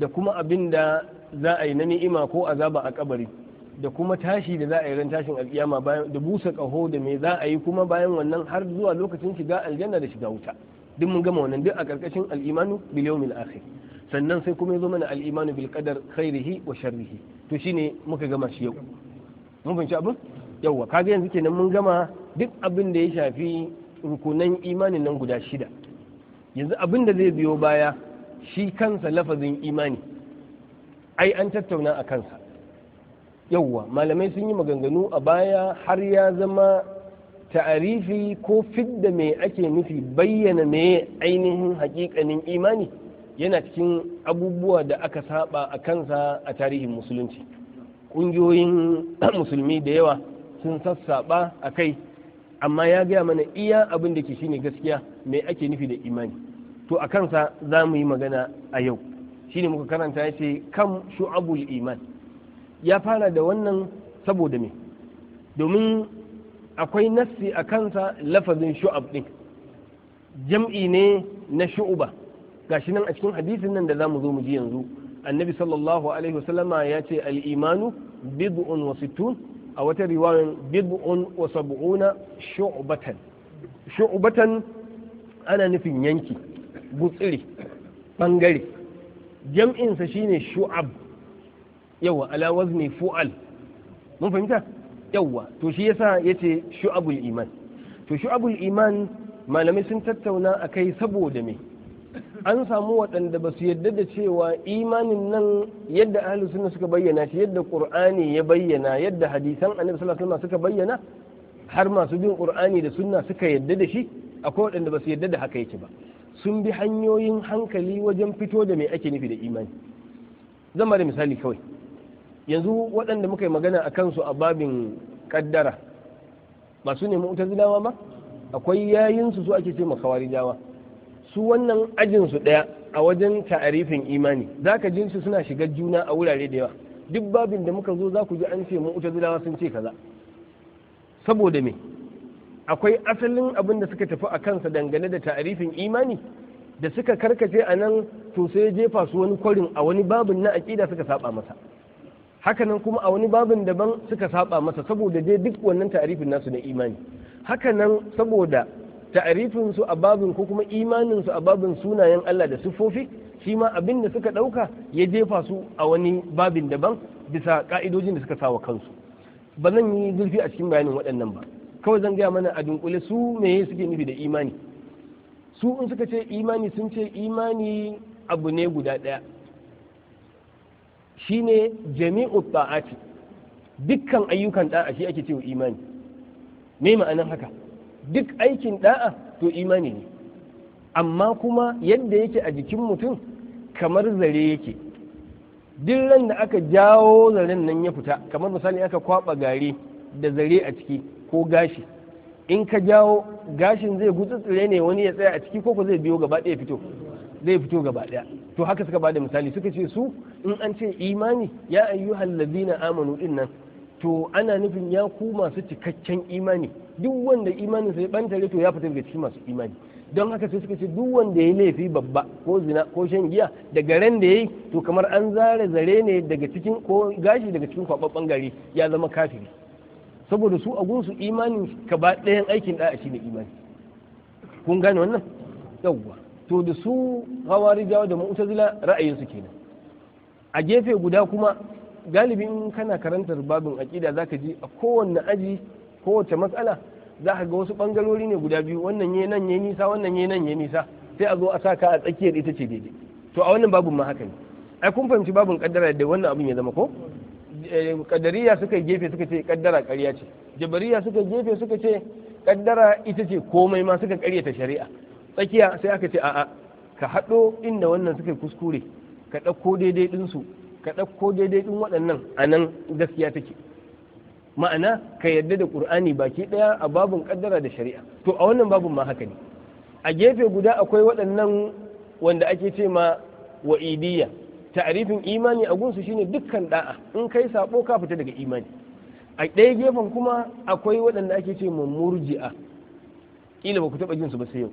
da kuma abin da za a yi na ni'ima ko azaba a kabari da kuma tashi da za a yi ran tashin alkiyama bayan da busa kaho da me za a yi kuma bayan wannan har zuwa lokacin shiga aljanna da shiga wuta duk mun gama wannan duk a karkashin al'imanu bil yawmil akhir sannan sai kuma yazo mana al'imanu bil qadar khairihi wa sharrihi to shine muka gama shi yau mun fahimci abin yawwa kaga yanzu kenan mun gama duk abin da ya shafi rukunan imanin nan guda shida yanzu abin da zai biyo baya shi kansa lafazin imani ai an tattauna a kansa yauwa malamai sun yi maganganu a baya har ya zama ta'arifi ko fidda me ake nufi bayyana me ainihin hakikanin imani yana cikin abubuwa da aka saba a kansa a tarihin musulunci ƙungiyoyin musulmi da yawa sun sassaɓa a kai amma ya gaya mana iya abin da ke shine gaskiya me ake nufi da imani to a kansa za mu yi magana a yau shi ne muka karanta ya ce kam shu'abul iman ya fara da wannan saboda me domin akwai nassi a kansa lafazin shu'ab ɗin jam'i ne na shu'uba gashi nan a cikin hadisin nan da za mu zo mu ji yanzu annabi sallallahu alaihi wasallama ya ce al'imanu bid'un wa sittun a wata riwayan bid'un wa sab'una shu'batan shu'batan ana nufin yanki gutsiri ɓangare jam'insa shine shu'ab yawa ala wazni fu'al mun fahimta yawa to shi yasa yace shu'abul iman to shu'abul iman malamai sun tattauna akai saboda me an samu waɗanda ba su yadda da cewa imanin nan yadda ahli sunna suka bayyana shi yadda qur'ani ya bayyana yadda hadisan annabi sallallahu alaihi suka bayyana har masu bin qur'ani da sunna suka yadda da shi akwai waɗanda ba su yadda da haka yake ba sun bi hanyoyin hankali wajen fito da mai ake nufi da imani zan da misali kawai yanzu waɗanda muka yi magana a kansu a babin kaddara ba su ne mu'tazilawa ba akwai yayinsu su ake ce makawari jawa. su wannan ajinsu ɗaya a wajen ta'arifin imani za ka jin su suna shiga juna a wurare da yawa duk babin da muka zo za ku ji an ce mu'tazilawa sun ce kaza saboda me akwai asalin abin da suka tafi a kansa dangane da ta'arifin imani da suka karkace a nan to sai ya jefa su wani kwarin a wani babin na aƙida suka saba masa hakanan kuma a wani babin daban suka saba masa saboda dai duk wannan ta'arifin nasu na imani hakanan saboda ta'arifin su a babin ko kuma imanin su a babin sunayen Allah da siffofi shi ma abin da suka ɗauka ya jefa su a wani babin daban bisa ka'idojin da suka sawa kansu ba zan yi zurfi a cikin bayanin waɗannan ba kawai zan gaya mana a dunkule su me suke nufi da imani su in suka ce imani sun ce imani abu ne guda ɗaya shi ne jami'u ta'ati dukkan ayyukan ɗa'a shi ake cewa imani me ma'anan haka duk aikin ɗa'a to imani ne amma kuma yadda yake a jikin mutum kamar zare yake duk ran da aka jawo zaren nan ya fita kamar misali aka kwaba gari da zare a ciki ko gashi in ka jawo gashin zai gutsutsure ne wani ya tsaya a ciki ko zai biyo gaba ɗaya fito zai fito gaba ɗaya to haka suka bada misali suka ce su in an ce imani ya ayyuhal ladina amanu din nan to ana nufin ya ku masu cikakken imani duk wanda imanin sai bantare to ya fita daga cikin masu imani don haka sai suka ce duk wanda ya laifi babba ko zina ko shan giya daga ran da yayi to kamar an zare zare ne daga cikin ko gashi daga cikin kwababban gari ya zama kafiri saboda su a gunsu imanin gaba ɗayan aikin ɗaya shi ne imani kun gane wannan yawwa to da su hawarijawa da mu'tazila ra'ayinsu kenan a gefe guda kuma galibin kana karantar babin aƙida zaka ji a kowanne aji kowace matsala za ka ga wasu bangarori ne guda biyu wannan ya nan ya nisa wannan ya nan ya nisa sai a zo a sa ka a tsakiyar ita ce daidai to a wannan babin ma haka ne ai kun fahimci babin kaddara da wannan abin ya zama ko Eh, kadariya suka gefe suka ce kaddara ƙarya ce jabariya suka gefe suka ce kaddara ita ce komai ma suka ta shari'a tsakiya sai aka ce a'a ka haɗo inda wannan suka kuskure ka ɗauko daidai ɗinsu ka ɗauko daidai ɗin waɗannan a nan gaskiya take ma'ana ka yarda da ƙur'ani baki ɗaya a babin kaddara da shari'a to a wannan babin ma haka ne a gefe guda akwai waɗannan wanda ake ce ma wa'idiyya ta'arifin imani a gunsu shine dukkan da'a in kai sabo ka fita daga imani a ɗaya gefen kuma akwai waɗanda ake ce ma murji'a ila ba ku taɓa jinsu ba sai yau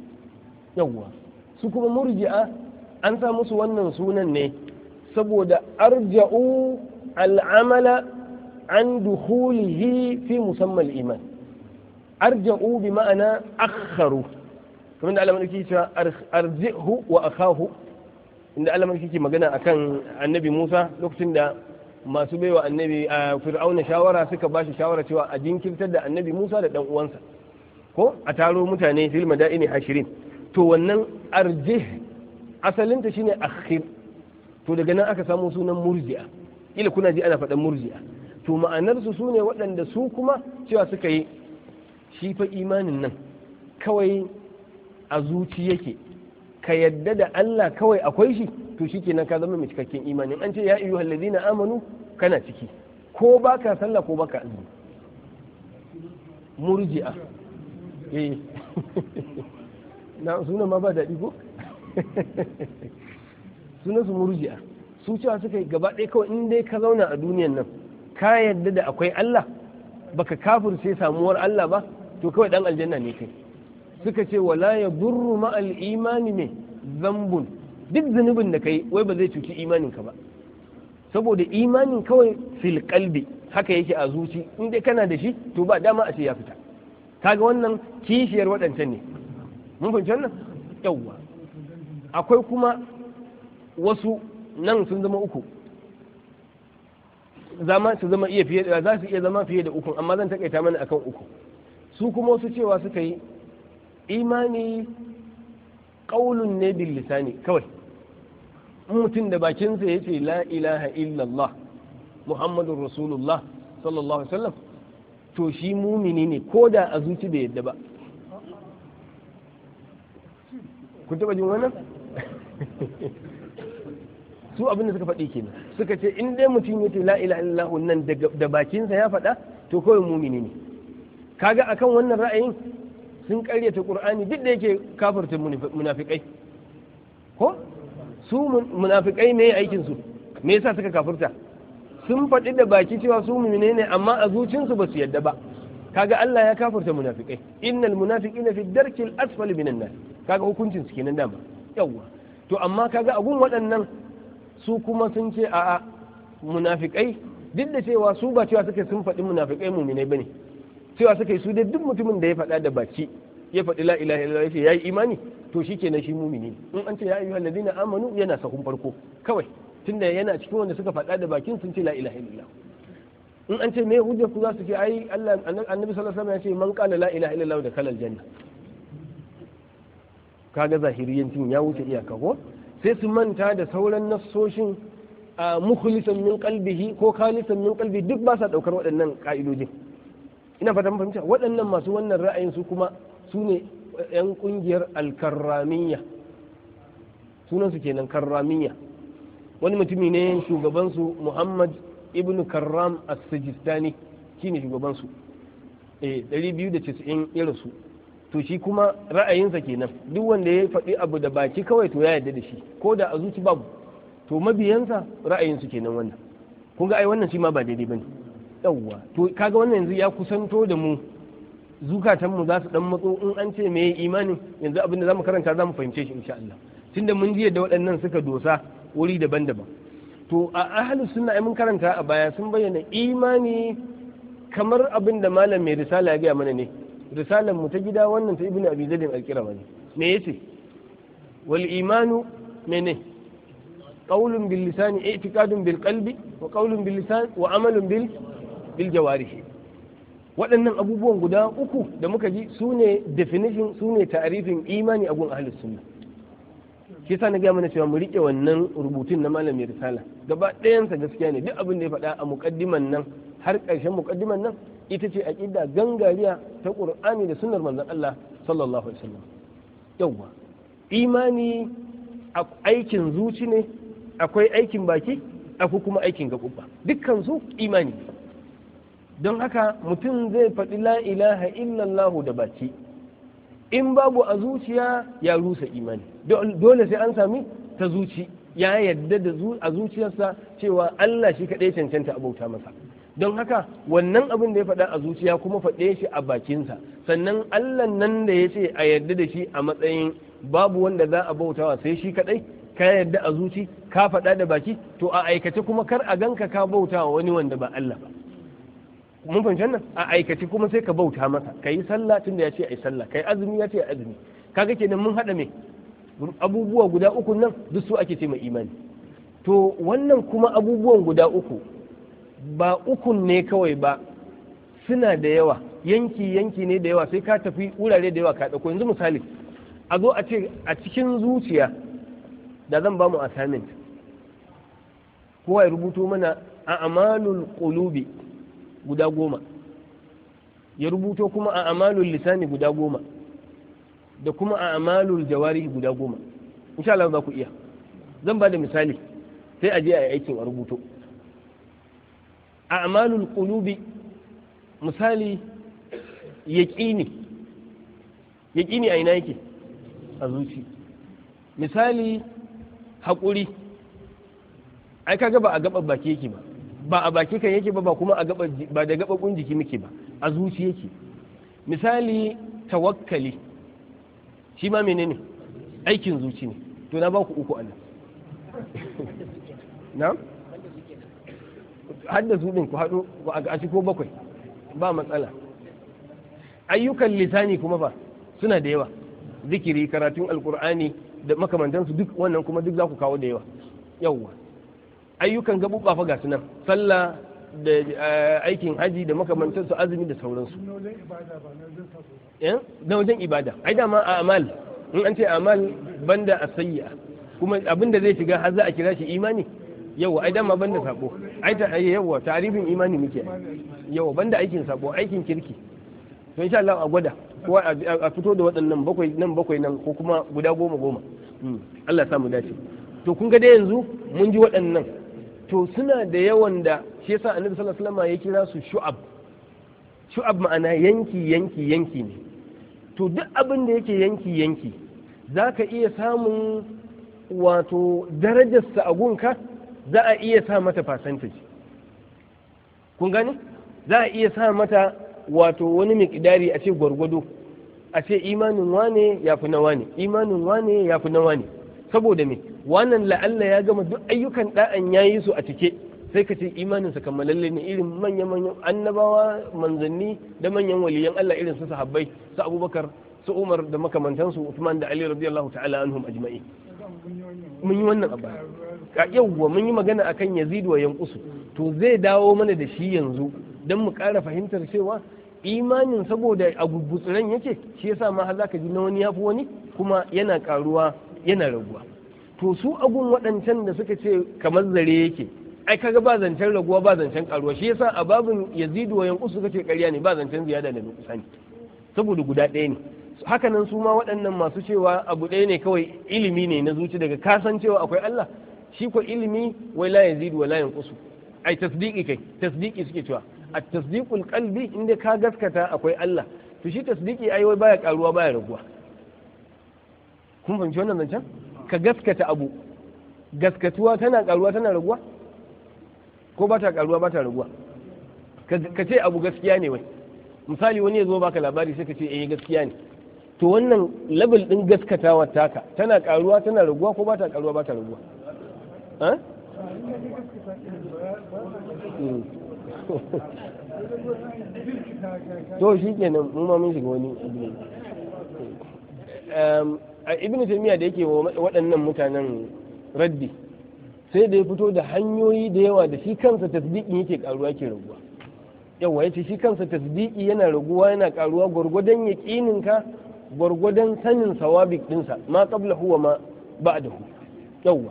yawwa su kuma murji'a an sa musu wannan sunan ne saboda arja'u al'amala an duhulihi fi musamman iman arja'u bi ma'ana akharu kamar da alamun ke cewa arji'hu wa akhahu inda Allah mai kike magana akan annabi Musa lokacin da masu baiwa annabi a fir'auna shawara suka ba shi shawara cewa a jinkirtar da annabi Musa da dan uwansa ko a taro mutane fil madaini hashirin to wannan arjih asalinta shine akhir to daga nan aka samu sunan murji'a ila kuna ji ana faɗan murji'a to ma'anarsu su ne waɗanda su kuma cewa suka yi shi fa imanin nan kawai a zuci yake ka yadda da Allah kawai akwai shi to shi kenan ka zama mai cikakken imani an ce ya ayyuha allazina amanu kana ciki ko baka sallah ko baka azumi murji'a eh na sunan ma ba daɗi ko sunan su murji'a su cewa suka yi gaba ɗaya kawai in dai ka zauna a duniyan nan ka yadda da akwai Allah baka kafir sai samuwar Allah ba to kawai dan aljanna ne kai suka ce wala ya burru ma'al imani ne zambun duk zunubin da kai wai ba zai cuci imanin ka ba saboda imanin kawai fil kalbi haka yake a zuci in dai kana da shi to ba dama a ce ya fita kaga wannan kishiyar waɗancan ne mun fahimci wannan yawwa akwai kuma wasu nan sun zama uku zama su zama iya fiye da za su iya zama fiye da uku amma zan takaita mana akan uku su kuma wasu cewa suka yi imani ƙaunin ne bil lisani kawai mutum da bakinsa ya ce la ilaha illallah muhammadun rasulullah sallallahu alaihi wasallam to shi mumini ne ko da a zuci bai yadda ba kun taba jin wannan su abin da suka faɗi kenan suka ce in dai mutum ya ce la ilaha illallah nan da bakinsa ya faɗa to kawai mumini ne kaga akan wannan ra'ayin sun karyata ƙur'ani duk da yake kafirta munafikai ko su munafikai ne aikin su me yasa suka kafirta sun faɗi da baki cewa su mu'mine ne amma a zuciyarsu ba su yadda ba kaga Allah ya kafirta munafikai innal munafiqina fi darkil asfali minan nas kaga hukuncin su kenan dama yawa to amma kaga agun waɗannan su kuma sun ce a munafikai duk da cewa su ba cewa suke sun faɗi munafikai mumine bane cewa suka yi su dai duk mutumin da ya faɗa da baki ya faɗi la ilaha illallah ya yi imani to shi na shi mumini in an ce ya ayyuhal ladina amanu yana sahun farko kawai tunda yana cikin wanda suka faɗa da bakin sun ce la ilaha illallah in an ce me hujja ku za su ce ai Allah annabi sallallahu alaihi wasallam ya ce man qala la ilaha illallah da kalal janna kaga zahiriyancin ya wuce iyaka ko sai su manta da sauran nassoshin mukhlisan min qalbihi ko khalisan min qalbi duk ba sa daukar waɗannan ka'idojin ina fata mun fahimta waɗannan masu wannan ra'ayin su kuma su ne yan ƙungiyar alkarramiya sunan su kenan karramiya wani mutumi ne shugaban su Muhammad ibn Karram as-Sijistani shine shugaban su eh 290 irin su to shi kuma ra'ayinsa kenan duk wanda ya faɗi abu da baki kawai to ya yarda da shi ko da a zuci babu to mabiyansa ra'ayinsu kenan wannan kun ga ai wannan shi ma ba daidai bane yawwa to kaga wannan yanzu ya kusanto da mu zukatanmu za su dan matso in an ce me imanin yanzu abin da zamu karanta zamu fahimce shi insha Allah tunda mun ji da waɗannan suka dosa wuri daban-daban to a ahlus sunna ai mun karanta a baya sun bayyana imani kamar abin da malam mai risala ya gaya mana ne risalar mu ta gida wannan ta ibnu abi zaid al ne me yace wal imanu mene qawlun bil lisani i'tiqadun bil qalbi wa qawlun bil lisan wa amalun bil bil jawarihi waɗannan abubuwan guda uku da muka ji su ne definition su ne ta'arifin imani a gun sunna shi sa na gaya mana cewa mu riƙe wannan rubutun na malami risala gaba ɗayansa gaskiya ne duk abin da ya faɗa a muƙaddiman nan har ƙarshen muƙaddiman nan ita ce aƙida gangariya ta ƙur'ani da sunnar manzon Allah sallallahu alaihi wasallam yawwa imani aikin zuci ne akwai aikin baki akwai kuma aikin gaɓuɓɓa dukkan su imani don haka mutum zai faɗi la ilaha illallahu da baki in babu a zuciya ya rusa imani dole sai an sami ta zuci ya yadda da a zuciyarsa cewa Allah shi kaɗai cancanta bauta masa don haka wannan abin da ya faɗa a zuciya kuma faɗe shi a bakinsa sannan Allah nan da ya ce a yadda da shi a matsayin babu wanda za a bautawa sai shi kaɗai ka yadda a zuci ka faɗa da baki to a aikace kuma kar a ganka ka bautawa wani wanda ba Allah ba mun fahimci nan? a aikace kuma sai ka bauta masa ka yi sallah tunda ya ce a yi sallah ka yi azumi ya ce a azumi kaga kenan mun haɗa me abubuwa guda uku nan duk su ake ce mai imani to wannan kuma abubuwan guda uku ba ukun ne kawai ba suna da yawa yanki yanki ne da yawa sai ka tafi wurare da yawa ka ɗauko yanzu misali a zo a ce a cikin zuciya da zan ba mu assignment kowa ya rubuto mana a Amanul qulubi guda goma ya rubuto kuma a amalul lisani guda goma da kuma a amalul jawari guda goma insha Allah za ku iya zan ba da misali sai a je a yi aikin a rubuto a amalul qulubi misali yaqini yaqini a ina yake a zuci misali haƙuri ai kaga ba a gaba baki yake ba ba a baki kan yake ba ba kuma ba da gababun jiki muke ba a zuci yake misali tawakkali shi ma menene aikin zuci ne to na ba ku uku anan
na hadda
zuɗin ku haɗu a ko bakwai ba matsala ayyukan lisani kuma ba suna da yawa zikiri karatun alkur'ani da makamantansu duk wannan kuma duk za ku kawo da yawa yawwa ayyukan gabuɓa fa ga sunan sallah da eh, aikin haji da makamantansu azumi da sauransu na wajen ibada eh? ai dama a amal in an ce amal banda a sayya kuma abin da zai shiga har za a kira shi imani yawa ai dama banda sabo ai ta yawa tarifin imani muke yawa banda aikin sabo aikin kirki to insha Allah a gwada ko a fito da waɗannan bakwai nan bakwai nan ko kuma guda goma goma hmm. Allah ya samu dace to kun ga dai yanzu mun ji waɗannan to suna da yawan da shi yasa annabi sallallahu alaihi wasallam ya kira su shu'ab shu'ab ma'ana yanki yanki yanki ne to duk abin da yake yanki yanki zaka iya samun wato sa a gunka za a iya sa mata percentage kun gane za a iya sa mata wato wani miqdari a ce gwargwado a ce imanin wane ya fi nawa ne? imanin wane ya fi nawa ne? saboda me wannan la'alla ya gama duk ayyukan da'an ya yi su a cike sai ka ce imaninsa kammalalle ne irin manya-manyan annabawa manzanni da manyan waliyan Allah irin su sahabbai su abubakar su umar da makamantansu Uthman da Ali radiyallahu ta'ala anhum ajma'i mun yi wannan abu ka yawwa mun yi magana akan Yazid wa yanqusu to zai dawo mana da shi yanzu dan mu ƙara fahimtar cewa imanin saboda a yake shi yasa ma har zaka ji na wani yafi wani kuma yana karuwa yana raguwa to su agun waɗancan da suka ce kamar zare yake ai kaga ba zancen raguwa ba zancen karuwa shi yasa a babin yazidu wayan usu kace ƙarya ne ba zancen ziyada da nuqsani saboda guda ɗaya ne hakanan su ma waɗannan masu cewa abu ɗaya ne kawai ilimi ne na zuci daga kasan cewa akwai Allah shi ko ilimi wai la yazidu wa la yanqusu ai tasdiqi kai tasdiqi suke cewa at tasdiqul qalbi inda ka gaskata akwai Allah to shi tasdiqi ai wai baya karuwa baya raguwa kun fahimci wannan zancen ka gaskata abu gaskatuwa tana karuwa tana raguwa ko ba ta karuwa ba ta raguwa ka ce abu gaskiya ne wai misali wani ya zo baka labari sai ka ce eh gaskiya ne to wannan level din gaskatawa taka tana karuwa tana raguwa ko ba ta karuwa ba ta raguwa
to shi
kenan mu ma mun shiga wani abu ne A ibn taymiya da yake waɗannan mutanen raddi sai da ya fito da hanyoyi da yawa da shi kansa tasdiki yake karuwa ke raguwa yawa ce shi kansa tasdiki yana raguwa yana karuwa gwargwadon ya ƙininka gwargwadon sanin sawabi ɗinsa ma qabla huwa ma ba'dahu yawa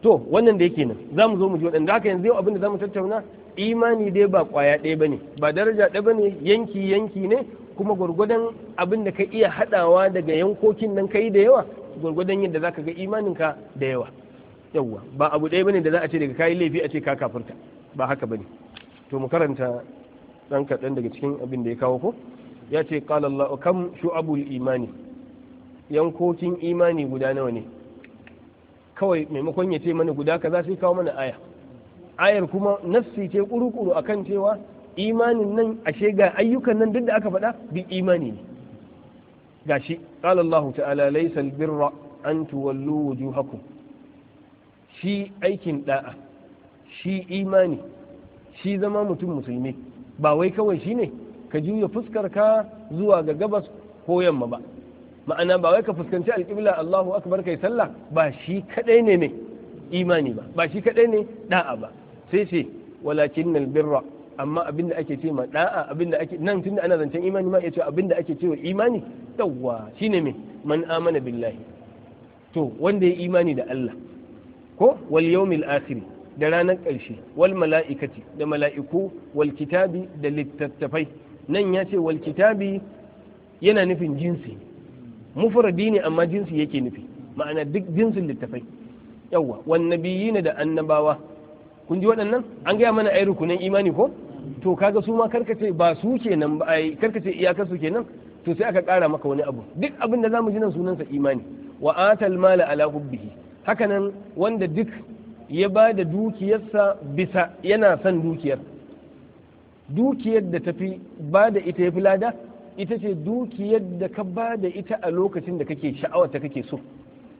to wannan da yake nan za mu zo mu ji waɗanda haka yanzu abin da mu tattauna imani dai ba kwaya ɗaya ne. ba daraja ɗaya ne yanki yanki ne kuma gwargwadon abin da ka iya hadawa daga yankokin nan kai da yawa gwargwadon yadda za ka ga imaninka da yawa yawa ba abu ɗaya bane da za a ce daga kayi laifi a ce ka kafirta ba haka bane to mu karanta dan kaɗan daga cikin abin da ya kawo ko ya ce qala Allah kam shu'abul imani yankokin imani guda nawa ne kawai maimakon ya ce mana guda kaza sai kawo mana aya ayar kuma nafsi ce kuru-kuru akan cewa imanin nan ashe ga ayyukan nan duk da aka faɗa duk imani ne gashi qala Allah ta'ala laysa albirra an tuwallu wujuhakum shi aikin da'a shi imani shi zama mutum musulmi ba wai kawai shine ka juya fuskar ka zuwa ga gabas ko yamma ba ma'ana ba wai ka fuskanci alƙibla Allahu akbar kai sallah ba shi kadai ne ne imani ba ba shi kadai ne da'a ba sai sai walakin albirra amma abin da ake ce ma da'a abin da ake nan tunda ana zancen imani ma ce abin da ake cewa imani yawwa shine me man amana billahi to wanda ya imani da Allah ko wal yawmil akhir da ranar ƙarshe wal mala'ikati da mala'iku wal kitabi da littattafai nan ya ce wal kitabi yana nufin jinsi mufradi ne amma jinsi yake nufi ma'ana duk jinsin littafai yawa wan nabiyina da annabawa kun ji waɗannan an gaya mana ai rukunin imani ko to kaga su ma karkace ba su kenan ba ai karkace iyakar su kenan to sai aka kara maka wani abu duk abin da zamu ji nan sunansa imani wa atal mala ala hubbihi hakanan wanda duk ya ba da dukiyarsa bisa yana son dukiyar dukiyar da tafi ba da ita yafi lada ita ce dukiyar da ka ba da ita a lokacin da kake sha'awar ta kake so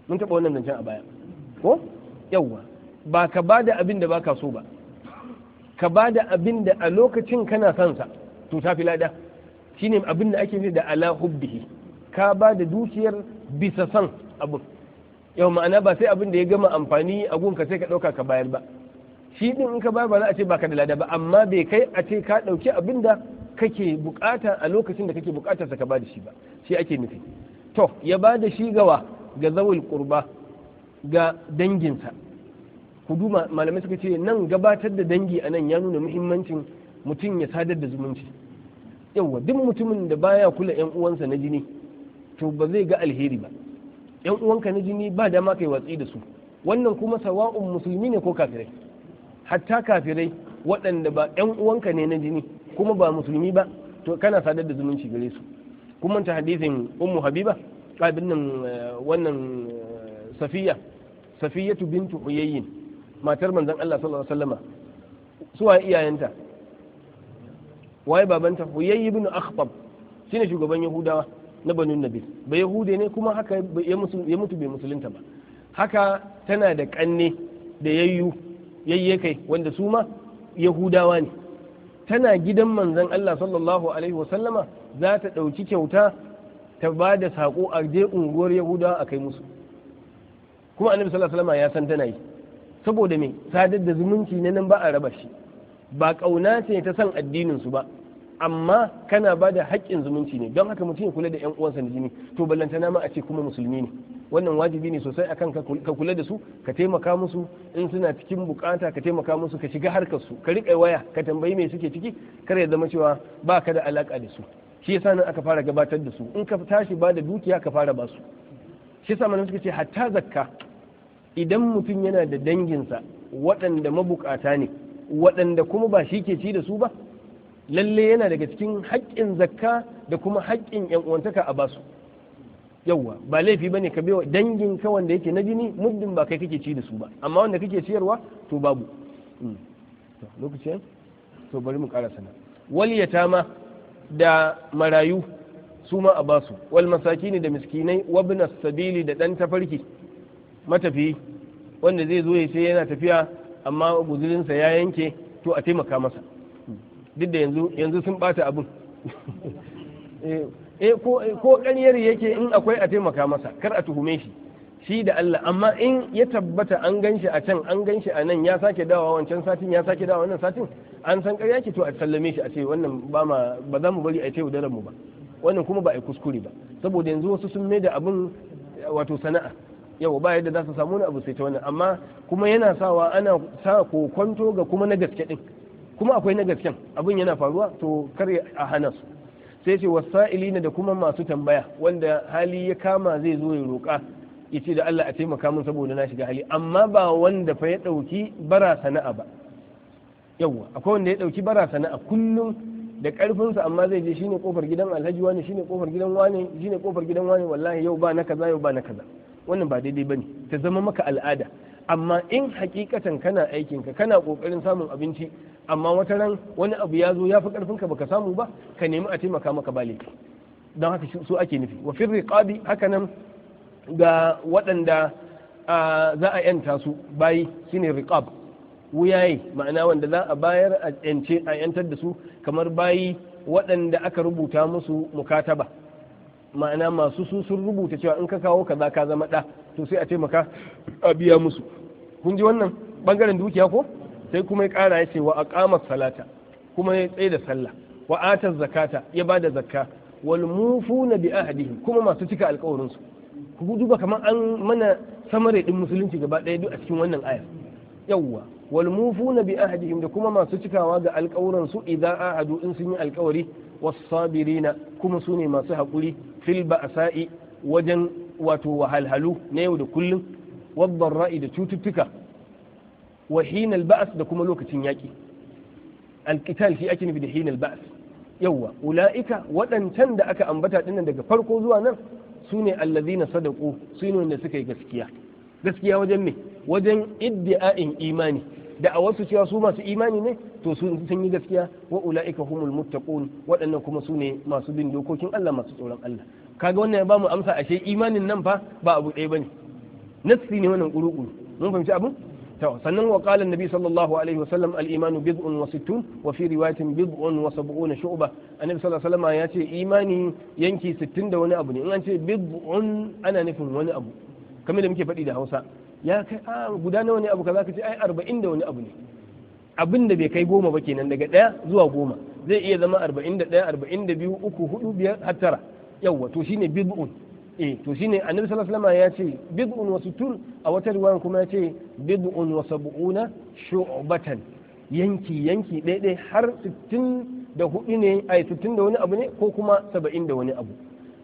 mun taɓa wannan zancen a baya ko yawwa ba ka ba da abin da baka so ba ka ba da abin da a lokacin kana sansa to ta fi lada Shi ne abin da ake nufi da ala hubbihi ka ba da dukiyar bisa san abu yau ma'ana ba sai abin da ya gama amfani a gunka sai ka ɗauka ka bayar ba shi din in ka bayar ba za a ce ba ka da lada ba amma bai kai a ce ka ɗauki abin da kake bukata a lokacin da kake bukatar sa ka ba da shi ba shi ake nufi to ya ba da shi gawa ga zawul kurba ga danginsa kudu malamai suka ce nan gabatar da dangi a nan ya nuna muhimmancin mutum ya sadar da zumunci Yau duk mutumin da baya kula yan uwansa na jini to ba zai ga alheri ba yan uwanka na jini ba dama kai watsi da su wannan kuma sawa'un musulmi ne ko kafirai hatta kafirai waɗanda ba yan uwanka ne na jini kuma ba musulmi ba to kana sadar da zumunci gare su kuma ta hadisin ummu habiba abin nan eh, wannan eh, safiya safiyatu bintu uyayyin matar manzan Allah sallallahu alaihi wasallama suwa iyayenta waye babanta huyayyi ibn akhtab shine shugaban yahudawa na banu nabi ba yahude ne kuma haka ya mutu bai musulunta ba haka tana da kanne da yayyu yayye kai wanda su ma yahudawa ne tana gidan manzan Allah sallallahu alaihi wasallama za ta ɗauki kyauta ta ba da sako a je unguwar yahudawa a kai musu kuma annabi sallallahu alaihi wasallama ya san tana yi saboda me sadar da zumunci na nan ba a raba shi ba ƙauna ce ta san addinin su ba amma kana ba da haƙƙin zumunci ne don haka mutum ya kula da ƴan uwansa na jini to ballantana ma a ce kuma musulmi ne wannan wajibi ne sosai akan ka kula da su ka taimaka musu in suna cikin bukata ka taimaka musu ka shiga harkar su ka riƙa waya ka tambayi me suke ciki kar ya zama cewa ba ka da alaka da su shi yasa nan aka fara gabatar da su in ka tashi ba da dukiya ka fara ba su shi yasa mana suka ce hatta zakka idan mutum yana da danginsa waɗanda mabukata ne waɗanda kuma ba shi ke ci da su ba lalle yana daga cikin haƙƙin zakka da kuma haƙƙin yan uwantaka a basu yawwa ba laifi bane ka baiwa dangin ka wanda yake na jini muddin ba kai kake ci da su ba amma wanda kake ciyarwa to babu hmm. lokaci to bari mu ƙara sana wal yatama da marayu su ma a basu wal masakini da miskinai wabna sabili da ɗan tafarki matafi wanda zai zo ya ce yana tafiya amma guzurinsa ya yanke to a taimaka masa duk da yanzu yanzu sun bata abin eh, eh ko ƙaryar yake in akwai a taimaka masa kar a tuhume shi shi da Allah amma in ya tabbata an gan shi a can an gan shi a nan ya sake dawa wancan satin ya sake dawa wannan satin an san ƙarya ke to a sallame shi a ce wannan ba ma ba za mu bari a ce udaran mu ba wannan kuma ba a kuskure ba saboda yanzu wasu sun mai da abin wato sana'a yau ba yadda za su samu wani abu sai ta wannan amma kuma yana sawa ana sa kokonto ga kuma na gaske din kuma akwai na gasken abin yana faruwa to kar a hana su sai ce na da kuma masu tambaya wanda hali ya kama zai zo ya roƙa ya ce da Allah a taimaka min saboda na shiga hali amma ba wanda fa ya ɗauki bara sana'a ba yawwa akwai wanda ya ɗauki bara sana'a kullum da karfinsa amma zai je shine kofar gidan alhaji wani shine kofar gidan wani shine kofar gidan wani wallahi yau ba na kaza yau ba na kaza wannan ba daidai ne. ta zama maka al'ada amma in hakikatan kana aikinka kana kokarin samun abinci amma wata ran wani abu ya zo ya fi karfinka baka samu ba ka nemi a taimaka maka ba laifi don haka su ake nufi wa fi riqabi haka nan ga waɗanda za a yanta su bayi shine riqab wuyaye ma'ana wanda za a bayar a yance a yantar da su kamar bayi waɗanda aka rubuta musu mukataba ma'ana masu su sun rubuta cewa in ka kawo kaza ka zama ɗa to sai a taimaka a biya musu kun ji wannan bangaren dukiya ko sai kuma ya ƙara ya ce wa aqama salata kuma ya tsaye da sallah wa ata zakata ya bada zakka wal mufuna bi ahdihim kuma masu cika alƙawarin su ku duba kamar an mana samare din musulunci gaba ɗaya duk a cikin wannan aya yawwa wal mufuna bi ahdihim da kuma masu cikawa ga alƙawuran su a ahadu in sun yi alƙawari was sabirina kuma su ne masu haƙuri fil ba'sa'i wajen wato wahalhalu na yau da kullum waddan ra'i da cututtuka wa hinal ba'as da kuma lokacin yaƙi alkital shi ake nufi da hinal ba'as yawwa ula'ika waɗancan da aka ambata dinnan daga farko zuwa nan su ne allazina sadaku su ne wanda suka yi gaskiya gaskiya wajen me wajen iddi'a'in imani da a wasu cewa su masu imani ne to sun yi gaskiya wa ula'ika humul muttaqun waɗannan kuma su ne masu bin dokokin Allah masu tsoron Allah kaga wannan ya bamu amsa ashe imanin nan fa ba abu ɗaya bane nafsi ne wannan ƙuruƙuru mun fahimci abin to sannan wa qala annabi sallallahu alaihi wa sallam al imanu bid'un wa sittun wa fi riwayatin bid'un wa sab'un shu'ba annabi sallallahu alaihi wa sallam ya ce imani yanki 60 da wani abu ne in an ce bid'un ana nufin wani abu kamar da muke faɗi da Hausa ya kai a ah, guda nawa ne abu kaza ka ce ai 40 da wani abu ne abin da bai kai goma ba kenan daga ɗaya zuwa goma zai iya zama arba'in da ɗaya arba'in da biyu uku hudu biyar har tara yawwa to shine bid'un eh to shine annabi sallallahu alaihi ya ce bid'un wa sutun a wata ruwan kuma ya ce bid'un wa sab'una shu'batan yanki yanki ɗaya har sittin da hudu ne ai sittin da wani abu ne ko kuma 70 da wani abu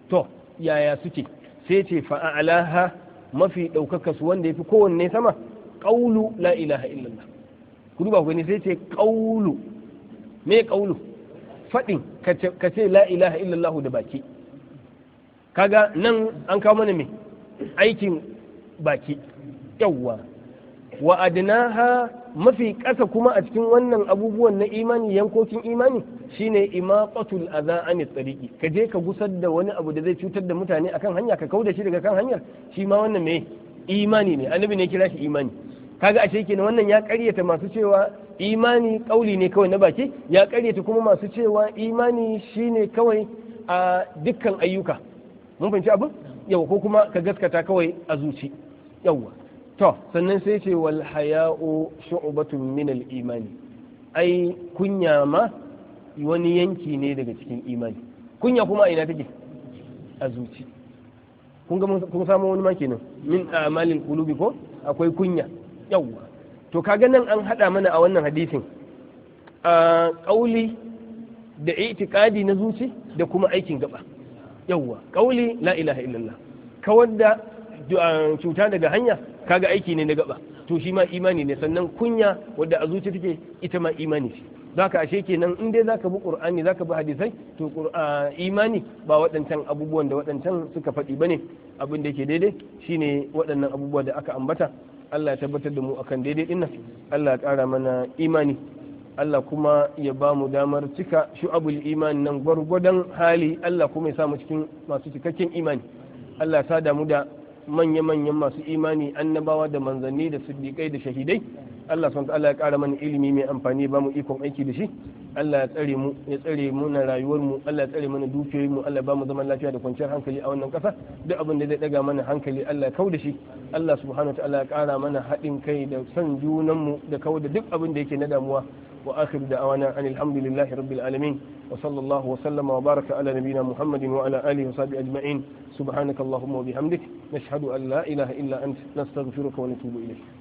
to yaya suke sai ce fa'alaha mafi ɗaukaka su wanda ya fi kowanne sama ƙaulu la ilaha illallah ku duba ku ne sai ce ƙaulu me ƙaulu faɗin ka ce la ilaha illallah da baki kaga nan an kawo mana me aikin baki yawwa wa adnaha mafi ƙasa kuma a cikin wannan abubuwan na imani yankokin imani shine imaqatul adha an tsariki ka je ka gusar da wani abu da zai cutar da mutane akan hanya ka kauda shi daga kan hanyar shi ma wannan me imani ne annabi ne kira shi imani kaga ashe kenan wannan ya karyata masu cewa imani kauli ne kawai na baki ya karyata kuma masu cewa imani shine kawai a dukkan ayyuka mun fahimci abin yawa ko kuma ka gaskata kawai a zuci yawa to sannan sai ce wal haya'u shu'batun min al imani ai kunya ma wani yanki ne daga cikin imani kunya kuma a ina take a zuci kun ga kun samu wani ma kenan min amalin kulubi ko akwai kunya yawwa to kaga nan an haɗa mana a wannan hadisin a ƙauli da itikadi na zuci da kuma aikin gaba yawwa ƙauli la ilaha illallah kawar da cuta daga hanya kaga aiki ne na gaba to shi ma imani ne sannan kunya wadda a zuci take ita ma imani ce zaka ashe kenan in dai zaka bi qur'ani zaka bi hadisai to imani ba waɗancan abubuwan da waɗancan suka faɗi bane abin da yake daidai shine waɗannan abubuwa da aka ambata Allah ya tabbatar da mu akan daidai din nan Allah ya ƙara mana imani Allah kuma ya ba mu damar cika shu'abul imani nan gwargwadon hali Allah kuma ya sa mu cikin masu cikakken imani Allah ya sa damu da manya-manyan masu imani annabawa da manzanni da siddiƙai da shahidai Allah sun Allah ya ƙara mana ilimi mai amfani ba mu ikon aiki da shi Allah ya tsare mu ya tsare mu na rayuwar mu Allah ya tsare mana dukiyoyin mu Allah ba mu zaman lafiya da kwanciyar hankali a wannan ƙasa duk abin da zai daga mana hankali Allah ya kau da shi Allah subhanahu wa ta'ala ya ƙara mana haɗin kai da son junan mu da kau da duk abin da yake na damuwa وآخر دعوانا أن الحمد لله رب العالمين وصلى الله وسلم وبارك على نبينا محمد وعلى آله وصحبه أجمعين سبحانك اللهم وبحمدك نشهد أن لا إله إلا أنت نستغفرك ونتوب إليك